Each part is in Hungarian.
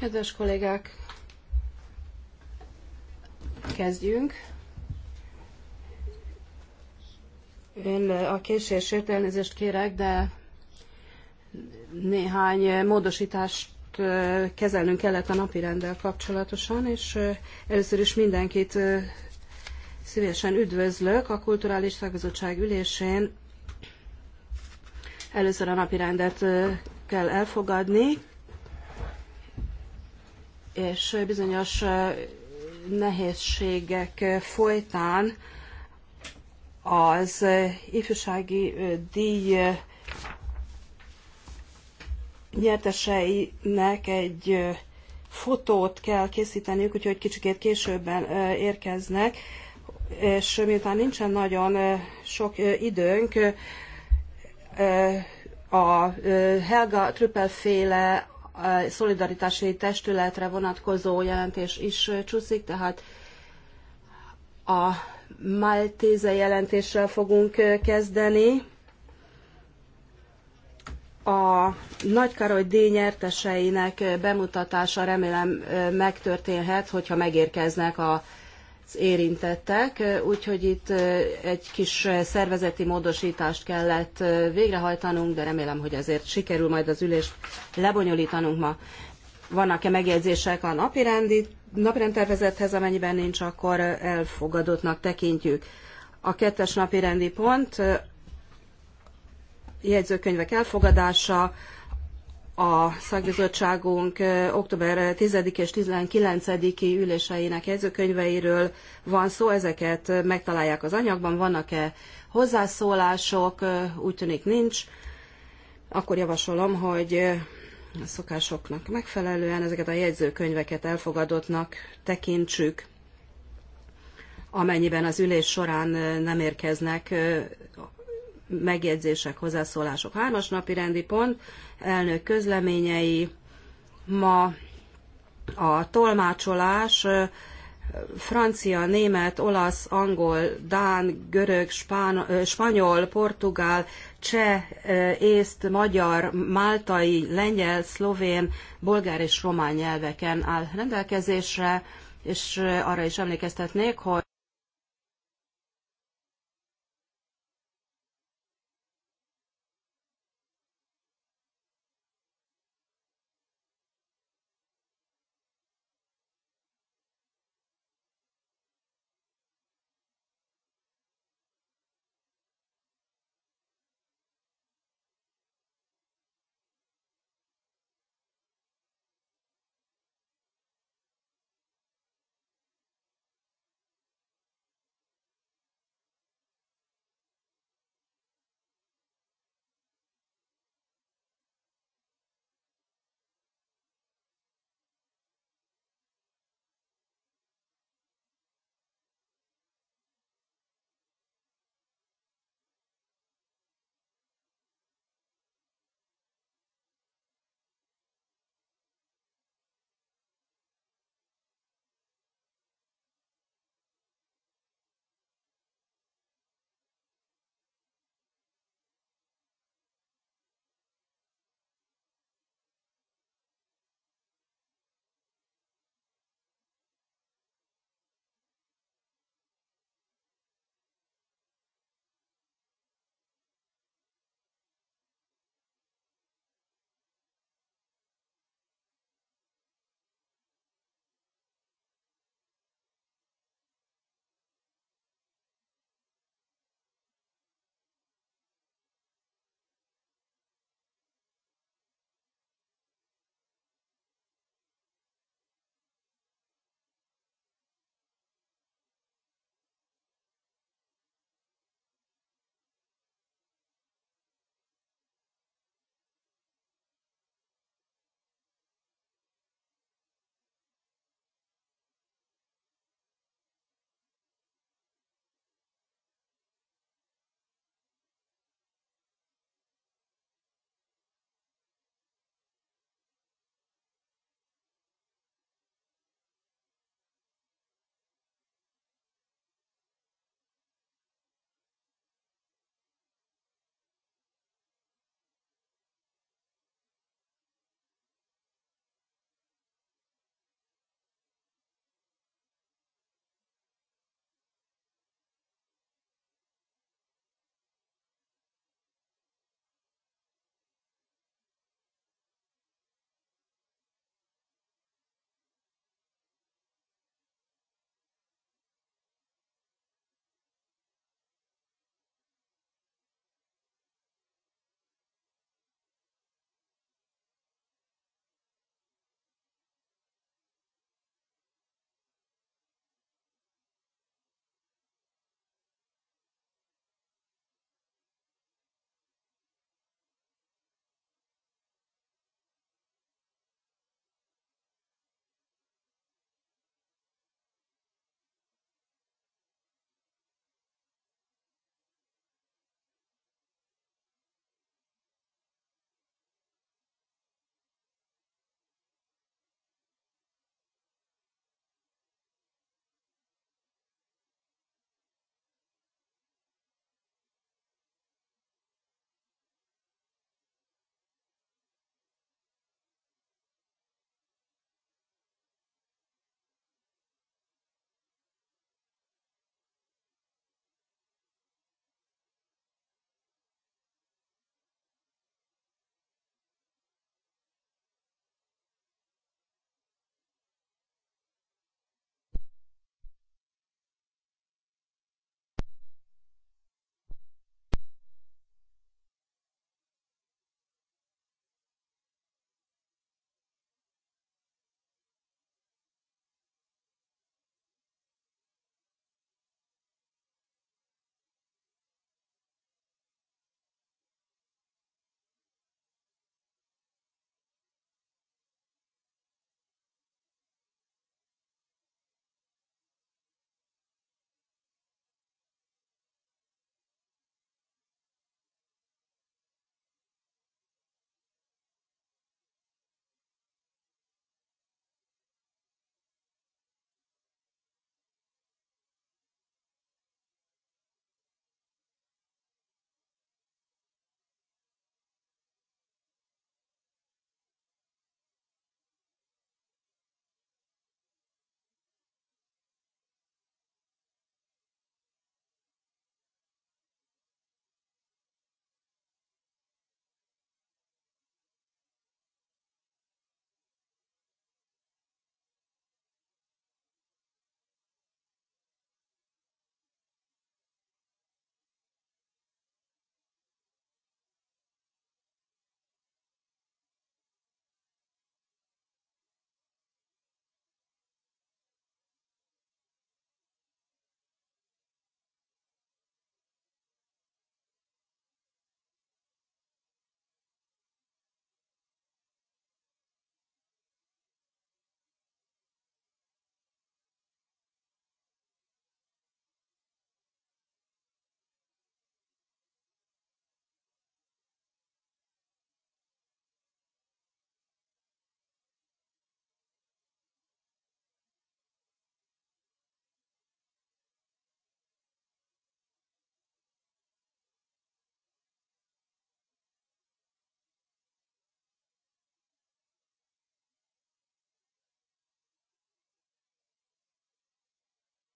Kedves kollégák, kezdjünk. Én a késésért elnézést kérek, de néhány módosítást kezelnünk kellett a napirenddel kapcsolatosan, és először is mindenkit szívesen üdvözlök a Kulturális Szakbizottság ülésén. Először a napirendet kell elfogadni és bizonyos nehézségek folytán az ifjúsági díj nyerteseinek egy fotót kell készíteniük, úgyhogy kicsikét későbben érkeznek, és miután nincsen nagyon sok időnk, a Helga Trüppel féle szolidaritási testületre vonatkozó jelentés is csúszik, tehát a Maltéze jelentéssel fogunk kezdeni. A Nagykaroly D nyerteseinek bemutatása remélem megtörténhet, hogyha megérkeznek a érintettek, úgyhogy itt egy kis szervezeti módosítást kellett végrehajtanunk, de remélem, hogy ezért sikerül majd az ülést lebonyolítanunk ma. Vannak-e megjegyzések a napirendi, napirendtervezethez, amennyiben nincs, akkor elfogadottnak tekintjük. A kettes napirendi pont jegyzőkönyvek elfogadása, a szakbizottságunk október 10 és 19-i üléseinek jegyzőkönyveiről van szó, ezeket megtalálják az anyagban, vannak-e hozzászólások, úgy tűnik nincs, akkor javasolom, hogy a szokásoknak megfelelően ezeket a jegyzőkönyveket elfogadottnak tekintsük, amennyiben az ülés során nem érkeznek megjegyzések, hozzászólások. Hármas napi rendi pont, elnök közleményei. Ma a tolmácsolás francia, német, olasz, angol, dán, görög, spán, spanyol, portugál, cseh, észt, magyar, máltai, lengyel, szlovén, bolgár és román nyelveken áll rendelkezésre, és arra is emlékeztetnék, hogy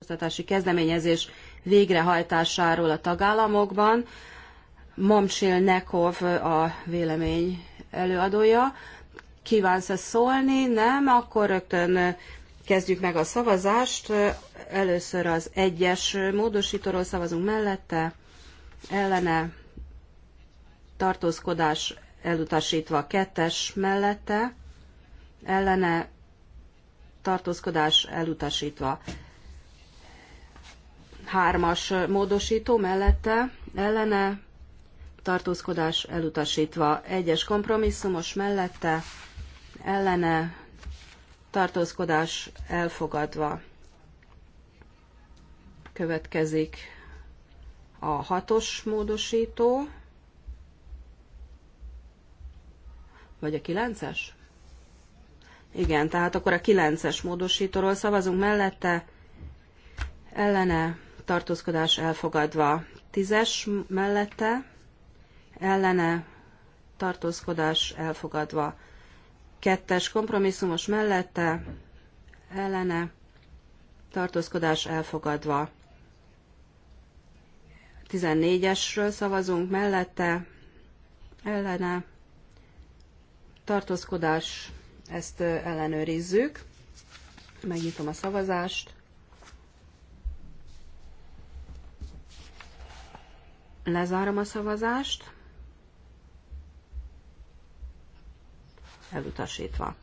változtatási kezdeményezés végrehajtásáról a tagállamokban. Momcsil Nekov a vélemény előadója. Kívánsz -e szólni? Nem? Akkor rögtön kezdjük meg a szavazást. Először az egyes módosítóról szavazunk mellette, ellene tartózkodás elutasítva kettes mellette, ellene tartózkodás elutasítva Hármas módosító mellette ellene tartózkodás elutasítva. Egyes kompromisszumos mellette ellene tartózkodás elfogadva. Következik a hatos módosító, vagy a kilences? Igen, tehát akkor a kilences módosítóról szavazunk mellette, ellene tartózkodás elfogadva. Tízes mellette ellene tartózkodás elfogadva. Kettes kompromisszumos mellette ellene tartózkodás elfogadva. 14-esről szavazunk mellette, ellene, tartózkodás, ezt ellenőrizzük. Megnyitom a szavazást. Lezárom a szavazást. Elutasítva.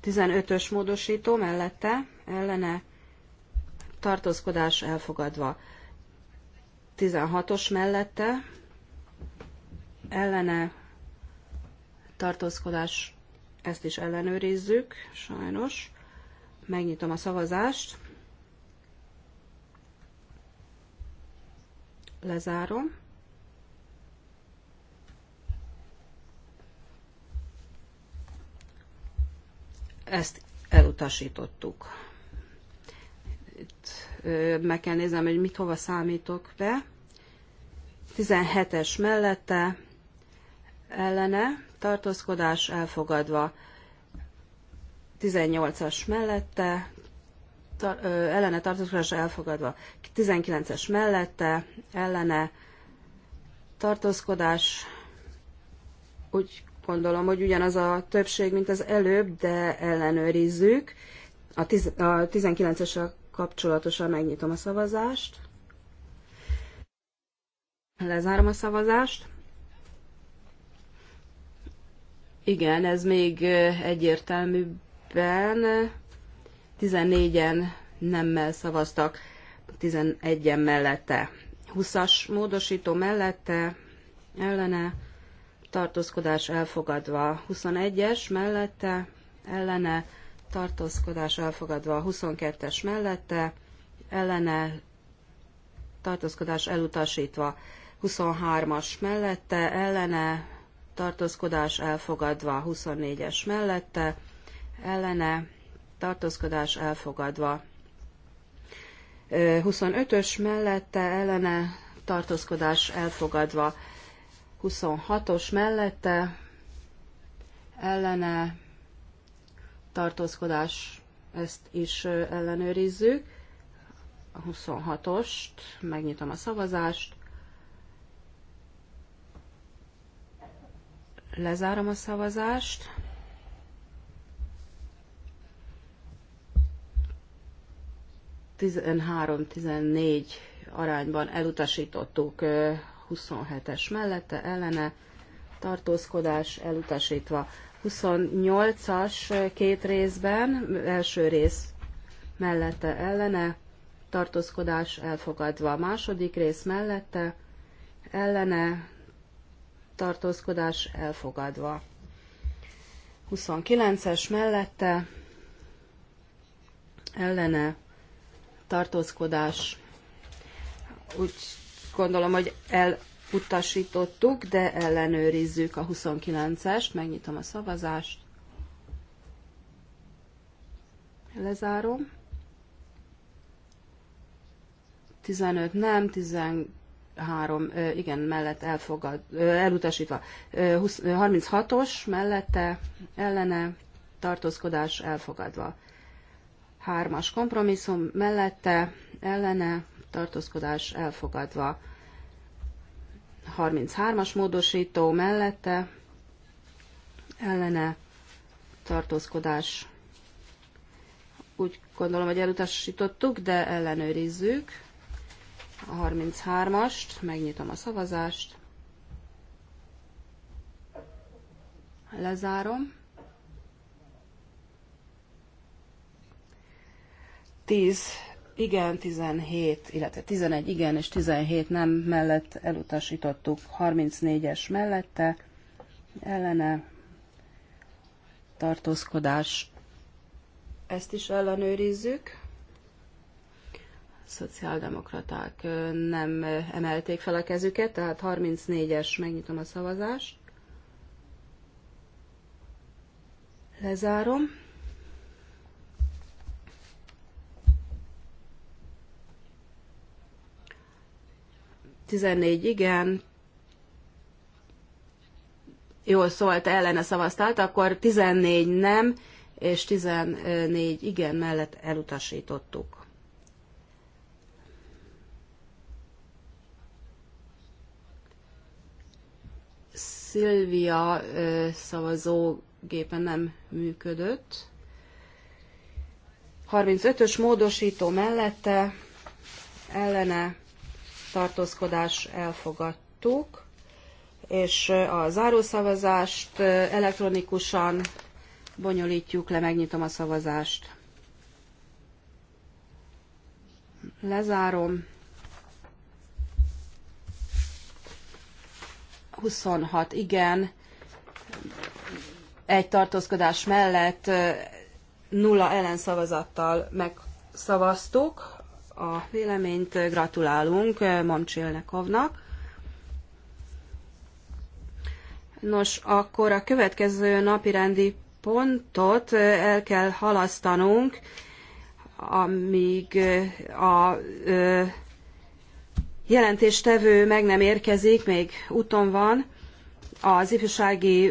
Tizenötös módosító mellette ellene tartózkodás elfogadva. tizenhatos mellette ellene tartózkodás ezt is ellenőrizzük, sajnos. Megnyitom a szavazást. Lezárom. Ezt elutasítottuk. Itt meg kell néznem, hogy mit hova számítok be. 17-es mellette ellene tartózkodás elfogadva, 18-as mellette, tar- ö, ellene tartózkodás elfogadva, 19-es mellette, ellene tartózkodás, úgy gondolom, hogy ugyanaz a többség, mint az előbb, de ellenőrizzük. A, tiz- a 19 es kapcsolatosan megnyitom a szavazást. Lezárom a szavazást. Igen, ez még egyértelműben 14-en nemmel szavaztak, 11-en mellette. 20-as módosító mellette, ellene, tartózkodás elfogadva. 21-es mellette, ellene, tartózkodás elfogadva. 22-es mellette, ellene, tartózkodás elutasítva. 23-as mellette, ellene, tartózkodás elfogadva 24-es mellette, ellene tartózkodás elfogadva 25-ös mellette, ellene tartózkodás elfogadva 26-os mellette, ellene tartózkodás, ezt is ellenőrizzük. A 26-ost, megnyitom a szavazást, Lezárom a szavazást. Tizenhárom, tizennégy arányban elutasítottuk 27-es mellette, ellene tartózkodás elutasítva. 28-as két részben, első rész mellette ellene, tartózkodás elfogadva. második rész mellette ellene, tartózkodás elfogadva. 29-es mellette ellene tartózkodás úgy gondolom, hogy elutasítottuk, de ellenőrizzük a 29-est, megnyitom a szavazást, lezárom. 15 nem, 15 három igen mellett elfogad, elutasítva. 36-os mellette ellene tartózkodás elfogadva. Hármas kompromisszum mellette ellene tartózkodás elfogadva. 33-as módosító mellette ellene tartózkodás. Úgy gondolom, hogy elutasítottuk, de ellenőrizzük a 33-ast, megnyitom a szavazást, lezárom, 10 igen, 17, illetve 11 igen és 17 nem mellett elutasítottuk, 34-es mellette, ellene tartózkodás. Ezt is ellenőrizzük szociáldemokraták nem emelték fel a kezüket, tehát 34-es, megnyitom a szavazást. Lezárom. Tizennégy igen, jól szólt, ellene szavaztál, akkor tizennégy nem, és tizennégy igen mellett elutasítottuk. Szilvia szavazógépe nem működött. 35-ös módosító mellette ellene tartózkodás elfogadtuk, és a zárószavazást elektronikusan bonyolítjuk le, megnyitom a szavazást. Lezárom. 26 igen, egy tartózkodás mellett nulla ellenszavazattal megszavaztuk a véleményt. Gratulálunk Momcsilnekovnak. Nos, akkor a következő napirendi pontot el kell halasztanunk, amíg a, a jelentéstevő meg nem érkezik, még úton van. Az ifjúsági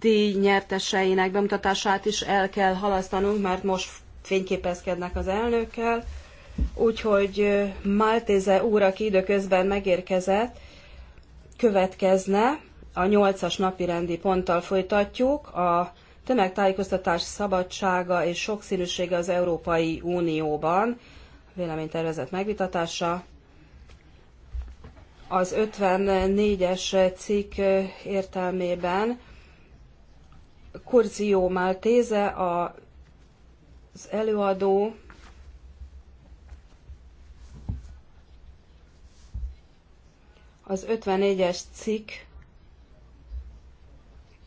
díj nyerteseinek bemutatását is el kell halasztanunk, mert most fényképezkednek az elnökkel. Úgyhogy Maltéze úr, aki időközben megérkezett, következne. A nyolcas napi rendi ponttal folytatjuk. A tömegtájékoztatás szabadsága és sokszínűsége az Európai Unióban. Véleménytervezet megvitatása az 54-es cikk értelmében Kurzió Maltéze, a, az előadó, az 54-es cikk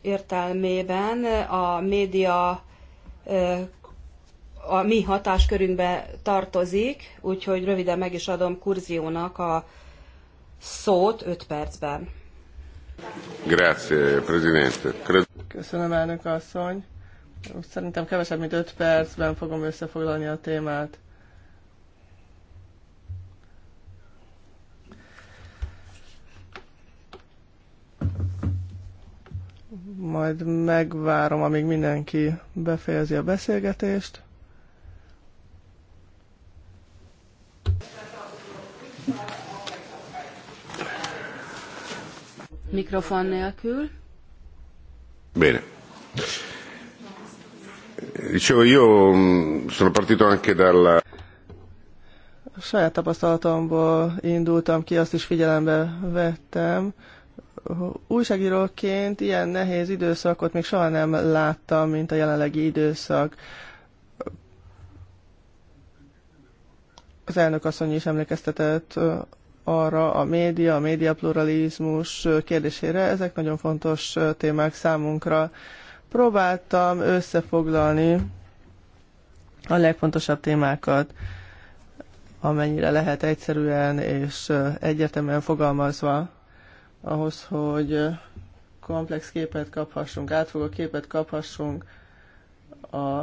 értelmében a média a mi hatáskörünkbe tartozik, úgyhogy röviden meg is adom Kurziónak a szót 5 percben. Grazie, Presidente. Köszönöm, elnök asszony. Szerintem kevesebb, mint 5 percben fogom összefoglalni a témát. Majd megvárom, amíg mindenki befejezi a beszélgetést. mikrofon nélkül. Bene. Dicevo, io mm, sono partito anche dalla... saját tapasztalatomból indultam ki, azt is figyelembe vettem. Újságíróként ilyen nehéz időszakot még soha nem láttam, mint a jelenlegi időszak. Az elnök asszony is emlékeztetett arra a média, a médiapluralizmus kérdésére. Ezek nagyon fontos témák számunkra. Próbáltam összefoglalni a legfontosabb témákat, amennyire lehet egyszerűen és egyértelműen fogalmazva, ahhoz, hogy komplex képet kaphassunk, átfogó képet kaphassunk a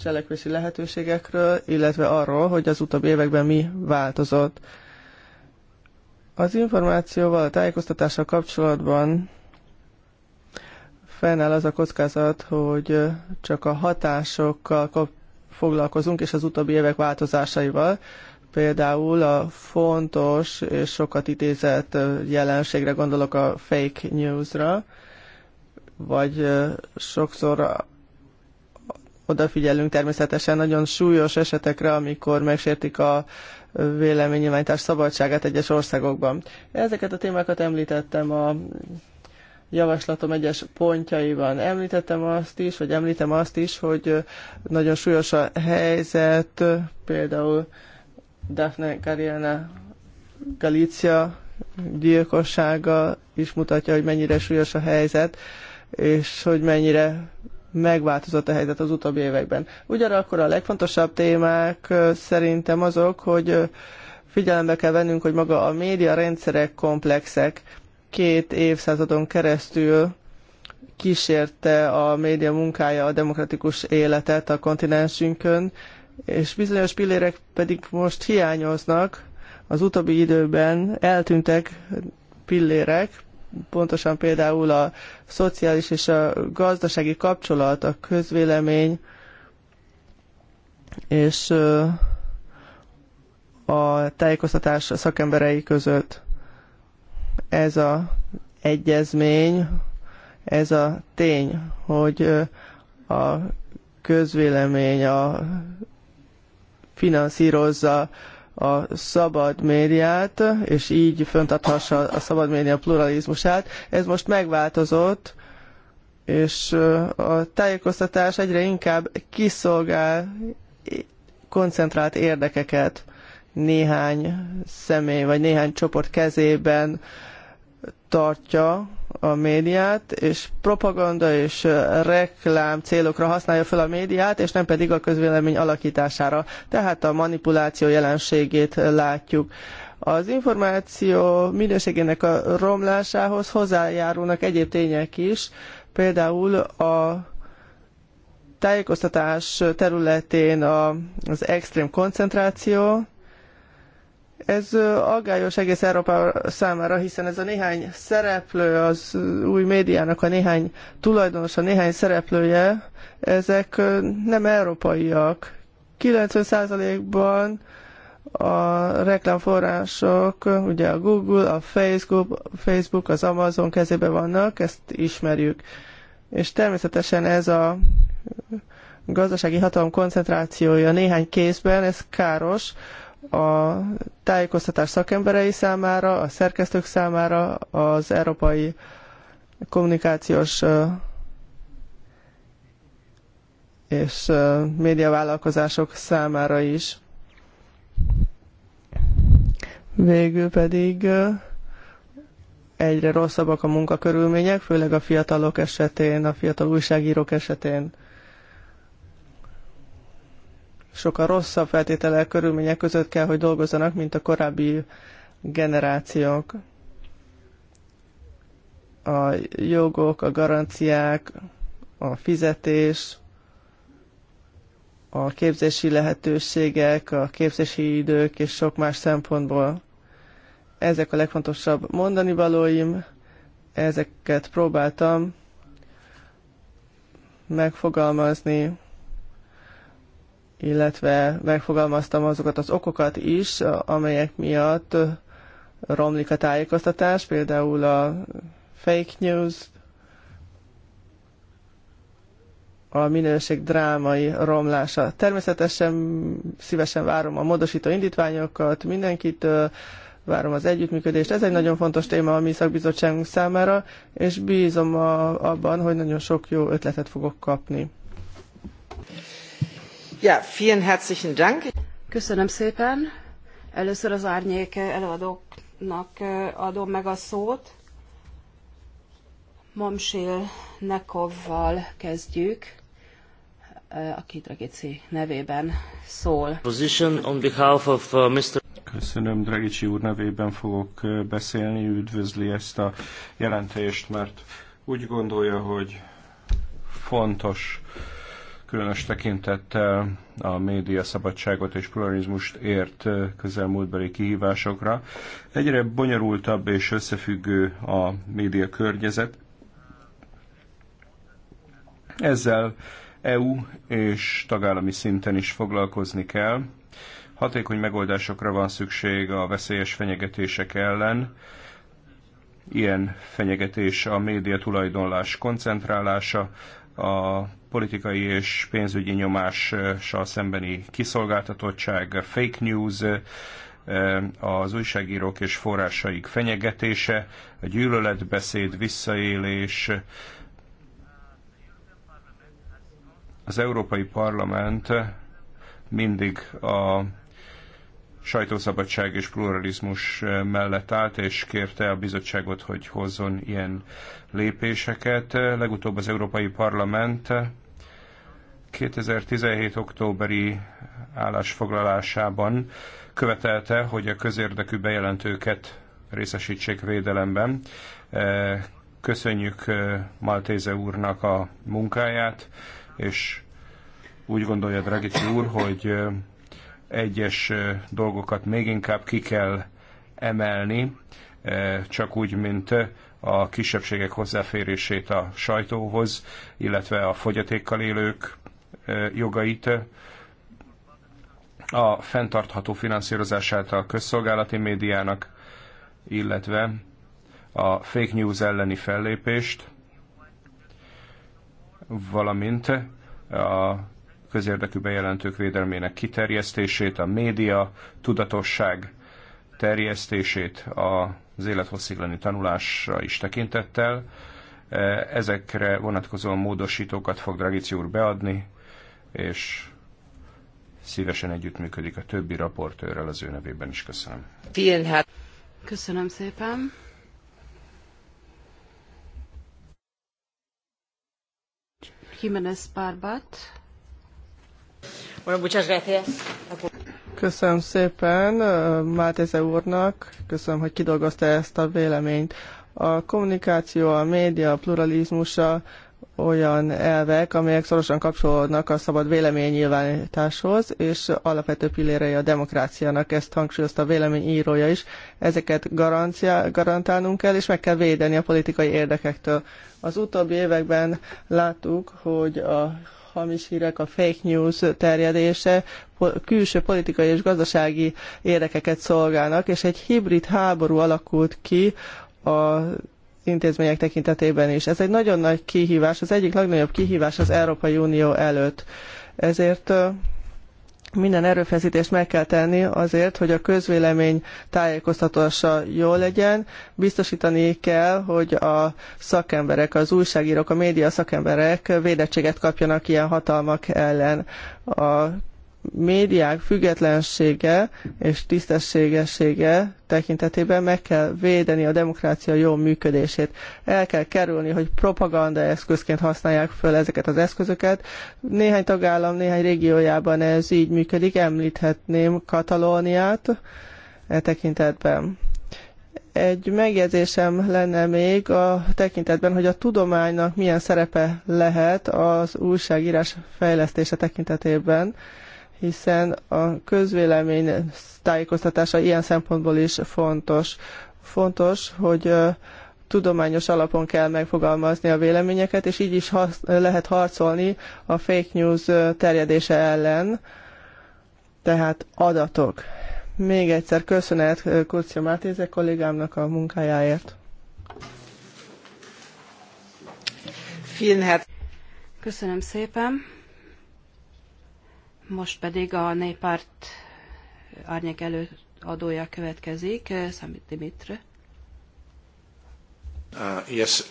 cselekvési lehetőségekről, illetve arról, hogy az utóbbi években mi változott. Az információval, a tájékoztatással kapcsolatban fennáll az a kockázat, hogy csak a hatásokkal foglalkozunk, és az utóbbi évek változásaival, például a fontos és sokat idézett jelenségre gondolok a fake newsra, vagy sokszor odafigyelünk természetesen nagyon súlyos esetekre, amikor megsértik a véleménynyilvánítás szabadságát egyes országokban. Ezeket a témákat említettem a javaslatom egyes pontjaiban. Említettem azt is, vagy említem azt is, hogy nagyon súlyos a helyzet, például Daphne Cariana Galícia gyilkossága is mutatja, hogy mennyire súlyos a helyzet, és hogy mennyire megváltozott a helyzet az utóbbi években. Ugyanakkor a legfontosabb témák szerintem azok, hogy figyelembe kell vennünk, hogy maga a média rendszerek komplexek. Két évszázadon keresztül kísérte a média munkája a demokratikus életet a kontinensünkön, és bizonyos pillérek pedig most hiányoznak, az utóbbi időben eltűntek pillérek, pontosan például a szociális és a gazdasági kapcsolat, a közvélemény, és a tájékoztatás szakemberei között. Ez a egyezmény, ez a tény, hogy a közvélemény a finanszírozza a szabad médiát, és így föntarthassa a szabad média pluralizmusát. Ez most megváltozott, és a tájékoztatás egyre inkább kiszolgál koncentrált érdekeket néhány személy vagy néhány csoport kezében tartja a médiát, és propaganda és reklám célokra használja fel a médiát, és nem pedig a közvélemény alakítására. Tehát a manipuláció jelenségét látjuk. Az információ minőségének a romlásához hozzájárulnak egyéb tények is, például a tájékoztatás területén az extrém koncentráció, ez aggályos egész Európa számára, hiszen ez a néhány szereplő, az új médiának a néhány tulajdonosa, néhány szereplője, ezek nem európaiak. 90%-ban a reklámforrások, ugye a Google, a Facebook, Facebook, az Amazon kezébe vannak, ezt ismerjük. És természetesen ez a gazdasági hatalom koncentrációja néhány kézben, ez káros a tájékoztatás szakemberei számára, a szerkesztők számára, az európai kommunikációs és médiavállalkozások számára is. Végül pedig egyre rosszabbak a munkakörülmények, főleg a fiatalok esetén, a fiatal újságírók esetén sokkal rosszabb feltételek, körülmények között kell, hogy dolgozzanak, mint a korábbi generációk. A jogok, a garanciák, a fizetés, a képzési lehetőségek, a képzési idők és sok más szempontból. Ezek a legfontosabb mondani valóim, ezeket próbáltam megfogalmazni illetve megfogalmaztam azokat az okokat is, amelyek miatt romlik a tájékoztatás, például a fake news, a minőség drámai romlása. Természetesen szívesen várom a módosító indítványokat mindenkit, várom az együttműködést. Ez egy nagyon fontos téma a mi szakbizottságunk számára, és bízom a, abban, hogy nagyon sok jó ötletet fogok kapni. Köszönöm szépen. Először az árnyék előadóknak adom meg a szót. Momsil Nekovval kezdjük, aki Dragici nevében szól. Uh, Köszönöm, Dragici úr nevében fogok beszélni, üdvözli ezt a jelentést, mert úgy gondolja, hogy fontos különös tekintettel a média szabadságot és pluralizmust ért közelmúltbeli kihívásokra. Egyre bonyolultabb és összefüggő a média környezet. Ezzel EU és tagállami szinten is foglalkozni kell. Hatékony megoldásokra van szükség a veszélyes fenyegetések ellen. Ilyen fenyegetés a média tulajdonlás koncentrálása, a politikai és pénzügyi nyomással szembeni kiszolgáltatottság, fake news, az újságírók és forrásaik fenyegetése, a gyűlöletbeszéd, visszaélés. Az Európai Parlament mindig a sajtószabadság és pluralizmus eh, mellett állt, és kérte a bizottságot, hogy hozzon ilyen lépéseket. Eh, legutóbb az Európai Parlament 2017. Eh, októberi állásfoglalásában követelte, hogy a közérdekű bejelentőket részesítsék védelemben. Köszönjük Maltéze úrnak a munkáját, és úgy gondolja Dragici úr, hogy egyes dolgokat még inkább ki kell emelni, csak úgy, mint a kisebbségek hozzáférését a sajtóhoz, illetve a fogyatékkal élők jogait, a fenntartható finanszírozását a közszolgálati médiának, illetve a fake news elleni fellépést, valamint a közérdekű bejelentők védelmének kiterjesztését, a média tudatosság terjesztését az élethosszíglani tanulásra is tekintettel. Eh, ezekre vonatkozóan módosítókat fog Dragici úr beadni, és szívesen együttműködik a többi raportőrrel az ő nevében is. Köszönöm. Köszönöm szépen. Jiménez Barbat Bueno, muchas gracias. Köszönöm szépen Mátéze úrnak, köszönöm, hogy kidolgozta ezt a véleményt. A kommunikáció, a média a pluralizmusa olyan elvek, amelyek szorosan kapcsolódnak a szabad véleménynyilvánításhoz, és alapvető pillérei a demokráciának, ezt hangsúlyozta a véleményírója is. Ezeket garancia, garantálnunk kell, és meg kell védeni a politikai érdekektől. Az utóbbi években láttuk, hogy a hamis hírek, a fake news terjedése külső politikai és gazdasági érdekeket szolgálnak, és egy hibrid háború alakult ki a intézmények tekintetében is. Ez egy nagyon nagy kihívás, az egyik legnagyobb kihívás az Európai Unió előtt. Ezért minden erőfeszítést meg kell tenni azért, hogy a közvélemény tájékoztatása jó legyen. Biztosítani kell, hogy a szakemberek, az újságírók, a média szakemberek védettséget kapjanak ilyen hatalmak ellen. A médiák függetlensége és tisztességessége tekintetében meg kell védeni a demokrácia jó működését. El kell kerülni, hogy propaganda eszközként használják föl ezeket az eszközöket. Néhány tagállam, néhány régiójában ez így működik. Említhetném Katalóniát e tekintetben. Egy megjegyzésem lenne még a tekintetben, hogy a tudománynak milyen szerepe lehet az újságírás fejlesztése tekintetében hiszen a közvélemény tájékoztatása ilyen szempontból is fontos. Fontos, hogy tudományos alapon kell megfogalmazni a véleményeket, és így is hasz, lehet harcolni a fake news terjedése ellen, tehát adatok. Még egyszer köszönet Kurcia Mátéze kollégámnak a munkájáért. Köszönöm szépen. Most pedig a néppárt árnyék előadója következik, Szamit Dimitre. Uh, yes,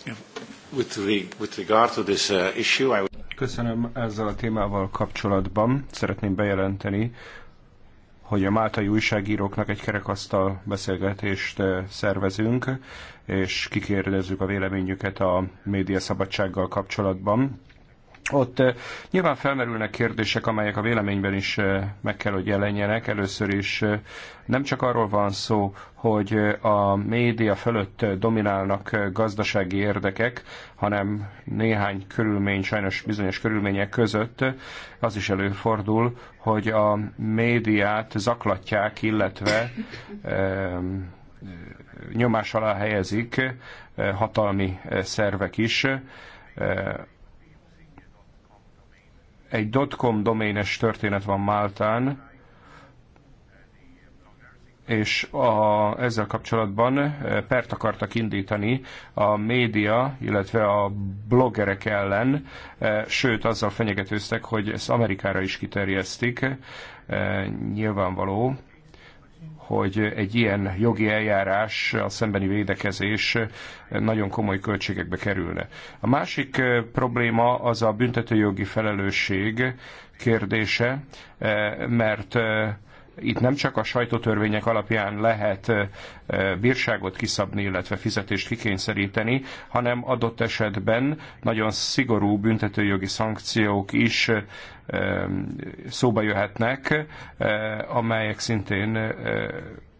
with, with regard to this uh, issue, I would... Köszönöm ezzel a témával kapcsolatban. Szeretném bejelenteni, hogy a máltai újságíróknak egy kerekasztal beszélgetést uh, szervezünk, és kikérdezzük a véleményüket a média szabadsággal kapcsolatban. Ott nyilván felmerülnek kérdések, amelyek a véleményben is meg kell, hogy jelenjenek. Először is nem csak arról van szó, hogy a média fölött dominálnak gazdasági érdekek, hanem néhány körülmény, sajnos bizonyos körülmények között az is előfordul, hogy a médiát zaklatják, illetve nyomás alá helyezik hatalmi szervek is egy .com doménes történet van Máltán, és a, ezzel kapcsolatban eh, pert akartak indítani a média, illetve a bloggerek ellen, eh, sőt azzal fenyegetőztek, hogy ezt Amerikára is kiterjesztik, eh, nyilvánvaló, hogy egy ilyen jogi eljárás, a szembeni védekezés nagyon komoly költségekbe kerülne. A másik probléma az a büntetőjogi felelősség kérdése, mert itt nem csak a sajtótörvények alapján lehet bírságot kiszabni, illetve fizetést kikényszeríteni, hanem adott esetben nagyon szigorú büntetőjogi szankciók is szóba jöhetnek, amelyek szintén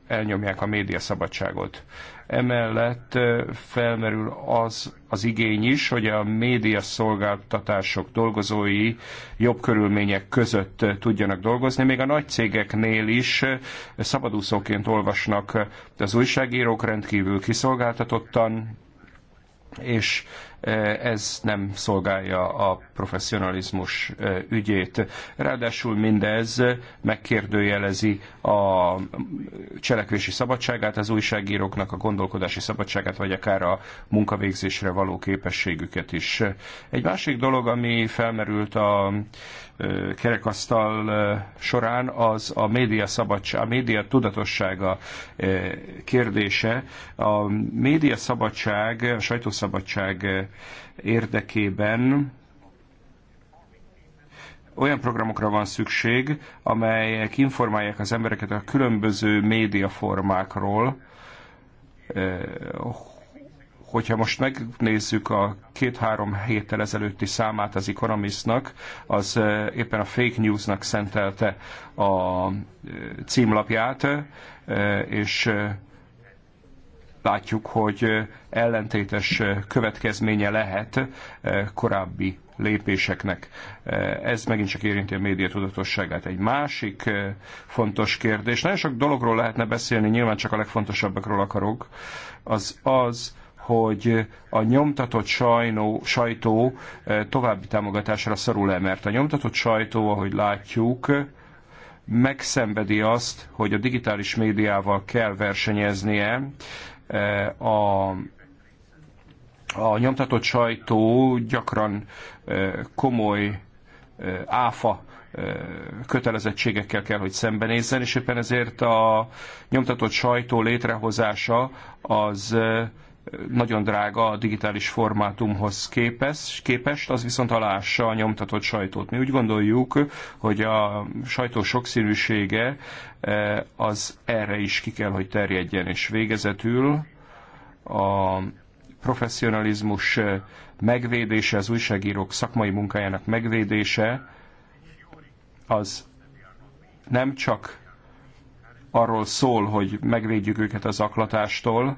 elnyomják a média szabadságot. Emellett felmerül az az igény is, hogy a média szolgáltatások dolgozói jobb körülmények között tudjanak dolgozni. Még a nagy cégeknél is szabadúszóként olvasnak az újságírók rendkívül kiszolgáltatottan, és ez nem szolgálja a professzionalizmus ügyét. Ráadásul mindez megkérdőjelezi a cselekvési szabadságát az újságíróknak, a gondolkodási szabadságát, vagy akár a munkavégzésre való képességüket is. Egy másik dolog, ami felmerült a kerekasztal során, az a média szabadság, a média tudatossága kérdése. A média szabadság, a sajtószabadság érdekében olyan programokra van szükség, amelyek informálják az embereket a különböző médiaformákról, hogyha most megnézzük a két-három héttel ezelőtti számát az Economistnak, az éppen a fake newsnak szentelte a címlapját, és látjuk, hogy ellentétes következménye lehet korábbi lépéseknek. Ez megint csak érinti a média tudatosságát. Egy másik fontos kérdés, nagyon sok dologról lehetne beszélni, nyilván csak a legfontosabbakról akarok, az az, hogy a nyomtatott sajnó, sajtó eh, további támogatásra szorul-e, mert a nyomtatott sajtó, ahogy látjuk, megszenvedi azt, hogy a digitális médiával kell versenyeznie, eh, a, a nyomtatott sajtó gyakran eh, komoly áfa kötelezettségekkel kell, hogy szembenézzen, és éppen ezért a nyomtatott sajtó létrehozása az nagyon drága a digitális formátumhoz képes, képest, az viszont alássa a nyomtatott sajtót. Mi úgy gondoljuk, hogy a sajtó sokszínűsége e, az erre is ki kell, hogy terjedjen, és végezetül a professzionalizmus e, megvédése, az újságírók szakmai munkájának megvédése, az nem csak arról szól, hogy megvédjük őket az aklatástól,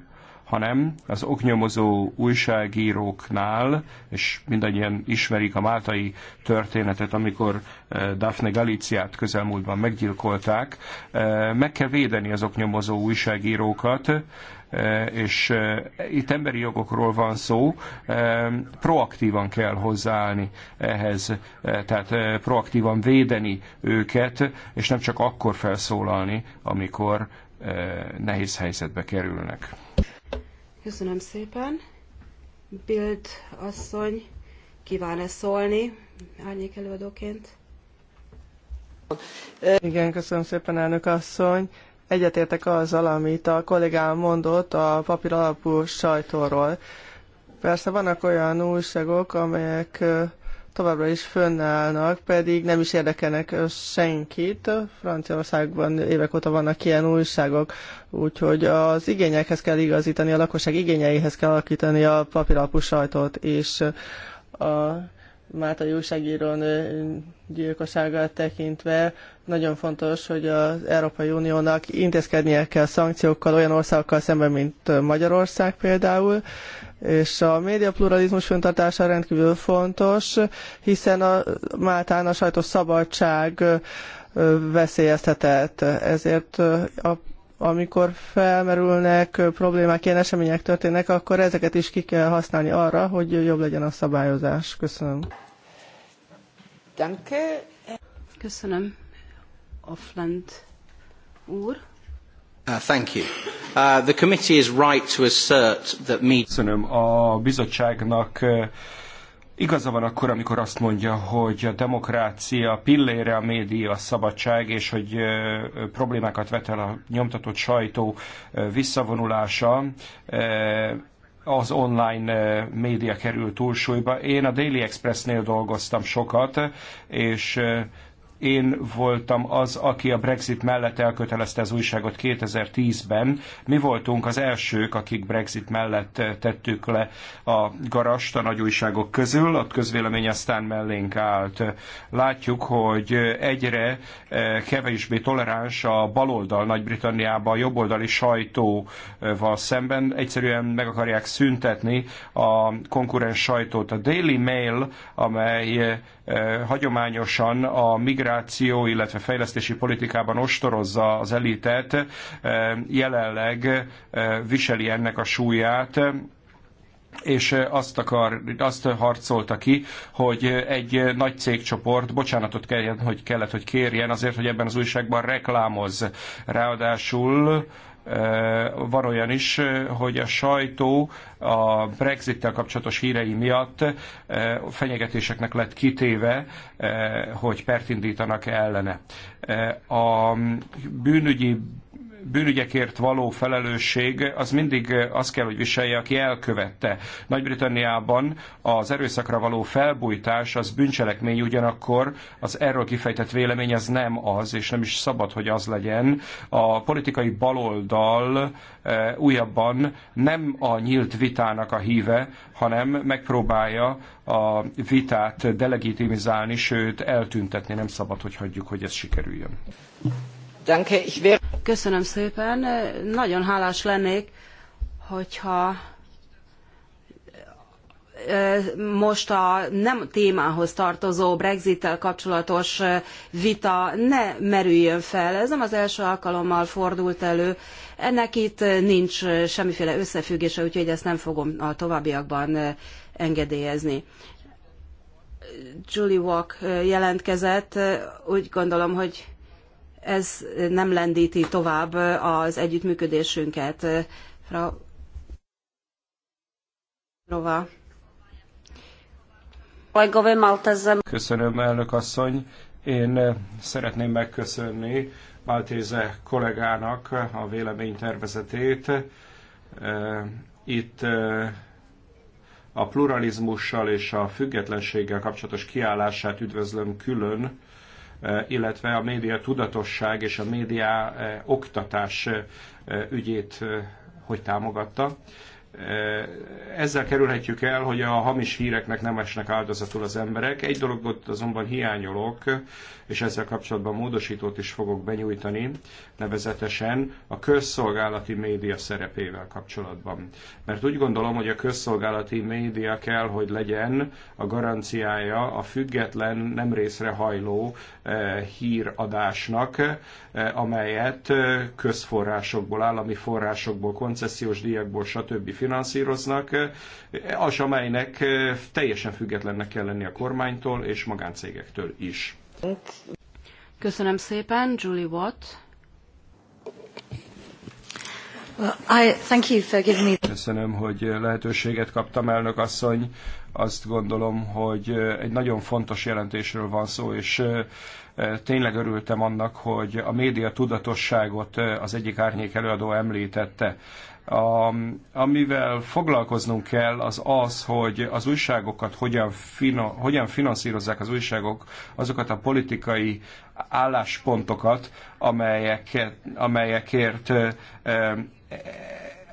hanem az oknyomozó újságíróknál, és mindannyian ismerik a máltai történetet, amikor eh, Daphne Galiciát közelmúltban meggyilkolták, eh, meg kell védeni az oknyomozó újságírókat, eh, és itt emberi jogokról van szó, proaktívan kell hozzáállni ehhez, tehát proaktívan védeni őket, és nem csak akkor felszólalni, amikor nehéz helyzetbe kerülnek. Köszönöm szépen. Bild asszony kíván-e szólni árnyék előadóként? Igen, köszönöm szépen, elnök asszony. Egyetértek azzal, amit a kollégám mondott a papír alapú sajtóról. Persze vannak olyan újságok, amelyek továbbra is fönnállnak, pedig nem is érdekelnek senkit. Franciaországban évek óta vannak ilyen újságok, úgyhogy az igényekhez kell igazítani, a lakosság igényeihez kell alakítani a papíralapú sajtot, és a Mátai újságírón gyilkosságát tekintve nagyon fontos, hogy az Európai Uniónak intézkednie kell szankciókkal olyan országokkal szemben, mint Magyarország például, és a médiapluralizmus föntartása rendkívül fontos, hiszen a Máltán a sajtó szabadság veszélyeztetett. Ezért a, amikor felmerülnek problémák, ilyen események történnek, akkor ezeket is ki kell használni arra, hogy jobb legyen a szabályozás. Köszönöm. Danke. Köszönöm. Offland úr. Uh, thank you. Uh, the committee is right to assert that me... Köszönöm a bizottságnak uh, Igaza van akkor, amikor azt mondja, hogy a demokrácia pillére a média a szabadság, és hogy uh, problémákat vetel a nyomtatott sajtó visszavonulása az online média került túlsúlyba. Én a Daily Expressnél dolgoztam sokat, és én voltam az, aki a Brexit mellett elkötelezte az újságot 2010-ben. Mi voltunk az elsők, akik Brexit mellett tettük le a garast a nagy újságok közül. A közvélemény aztán mellénk állt. Látjuk, hogy egyre eh, kevésbé toleráns a baloldal Nagy-Britanniában, a jobboldali sajtóval szemben. Egyszerűen meg akarják szüntetni a konkurens sajtót. A Daily Mail, amely eh, Eh, hagyományosan a migráció, illetve fejlesztési politikában ostorozza az elitet, eh, jelenleg eh, viseli ennek a súlyát, és azt, akar, azt harcolta ki, hogy egy nagy cégcsoport bocsánatot kelljen, hogy kellett, hogy kérjen azért, hogy ebben az újságban reklámoz. Ráadásul van olyan is, hogy a sajtó a Brexit-tel kapcsolatos hírei miatt fenyegetéseknek lett kitéve, hogy pert indítanak ellene. A bűnügyi bűnügyekért való felelősség az mindig eh, azt kell, hogy viselje, aki elkövette. Nagy-Britanniában az erőszakra való felbújtás az bűncselekmény ugyanakkor, az erről kifejtett vélemény az nem az, és nem is szabad, hogy az legyen. A politikai baloldal eh, újabban nem a nyílt vitának a híve, hanem megpróbálja a vitát delegitimizálni, sőt eltüntetni. Nem szabad, hogy hagyjuk, hogy ez sikerüljön. Köszönöm szépen. Nagyon hálás lennék, hogyha e, most a nem témához tartozó Brexit-tel kapcsolatos e, vita ne merüljön fel. Ez nem az első alkalommal fordult elő. Ennek itt e, nincs semmiféle összefüggése, úgyhogy ezt nem fogom a továbbiakban engedélyezni. Julie Walk jelentkezett. Úgy gondolom, hogy ez nem lendíti tovább az együttműködésünket. Fra... Rova. Köszönöm, elnök asszony. Én szeretném megköszönni Maltéze kollégának a véleménytervezetét. Itt eh, a pluralizmussal és a függetlenséggel kapcsolatos kiállását üdvözlöm külön, Eh, illetve a média tudatosság és a média eh, oktatás eh, ügyét hogy támogatta. Eh, ezzel kerülhetjük el, hogy a hamis híreknek nem esnek áldozatul az emberek. Egy dologot azonban hiányolok, és ezzel kapcsolatban módosítót is fogok benyújtani, nevezetesen a közszolgálati média szerepével kapcsolatban. Mert úgy gondolom, hogy a közszolgálati média kell, hogy legyen a garanciája a független, nem részre hajló eh, híradásnak, eh, amelyet közforrásokból, állami forrásokból, koncesziós díjakból, stb finanszíroznak, eh, az, amelynek eh, teljesen függetlennek kell lenni a kormánytól és magáncégektől is. Köszönöm szépen, Julie Watt. Köszönöm, hogy lehetőséget kaptam, elnök asszony. Azt gondolom, hogy eh, egy nagyon fontos jelentésről van szó, és tényleg örültem annak, hogy a média tudatosságot az egyik árnyék előadó említette. A, amivel foglalkoznunk kell az az, hogy az újságokat hogyan, fino, hogyan finanszírozzák az újságok azokat a politikai álláspontokat, amelyeket, amelyekért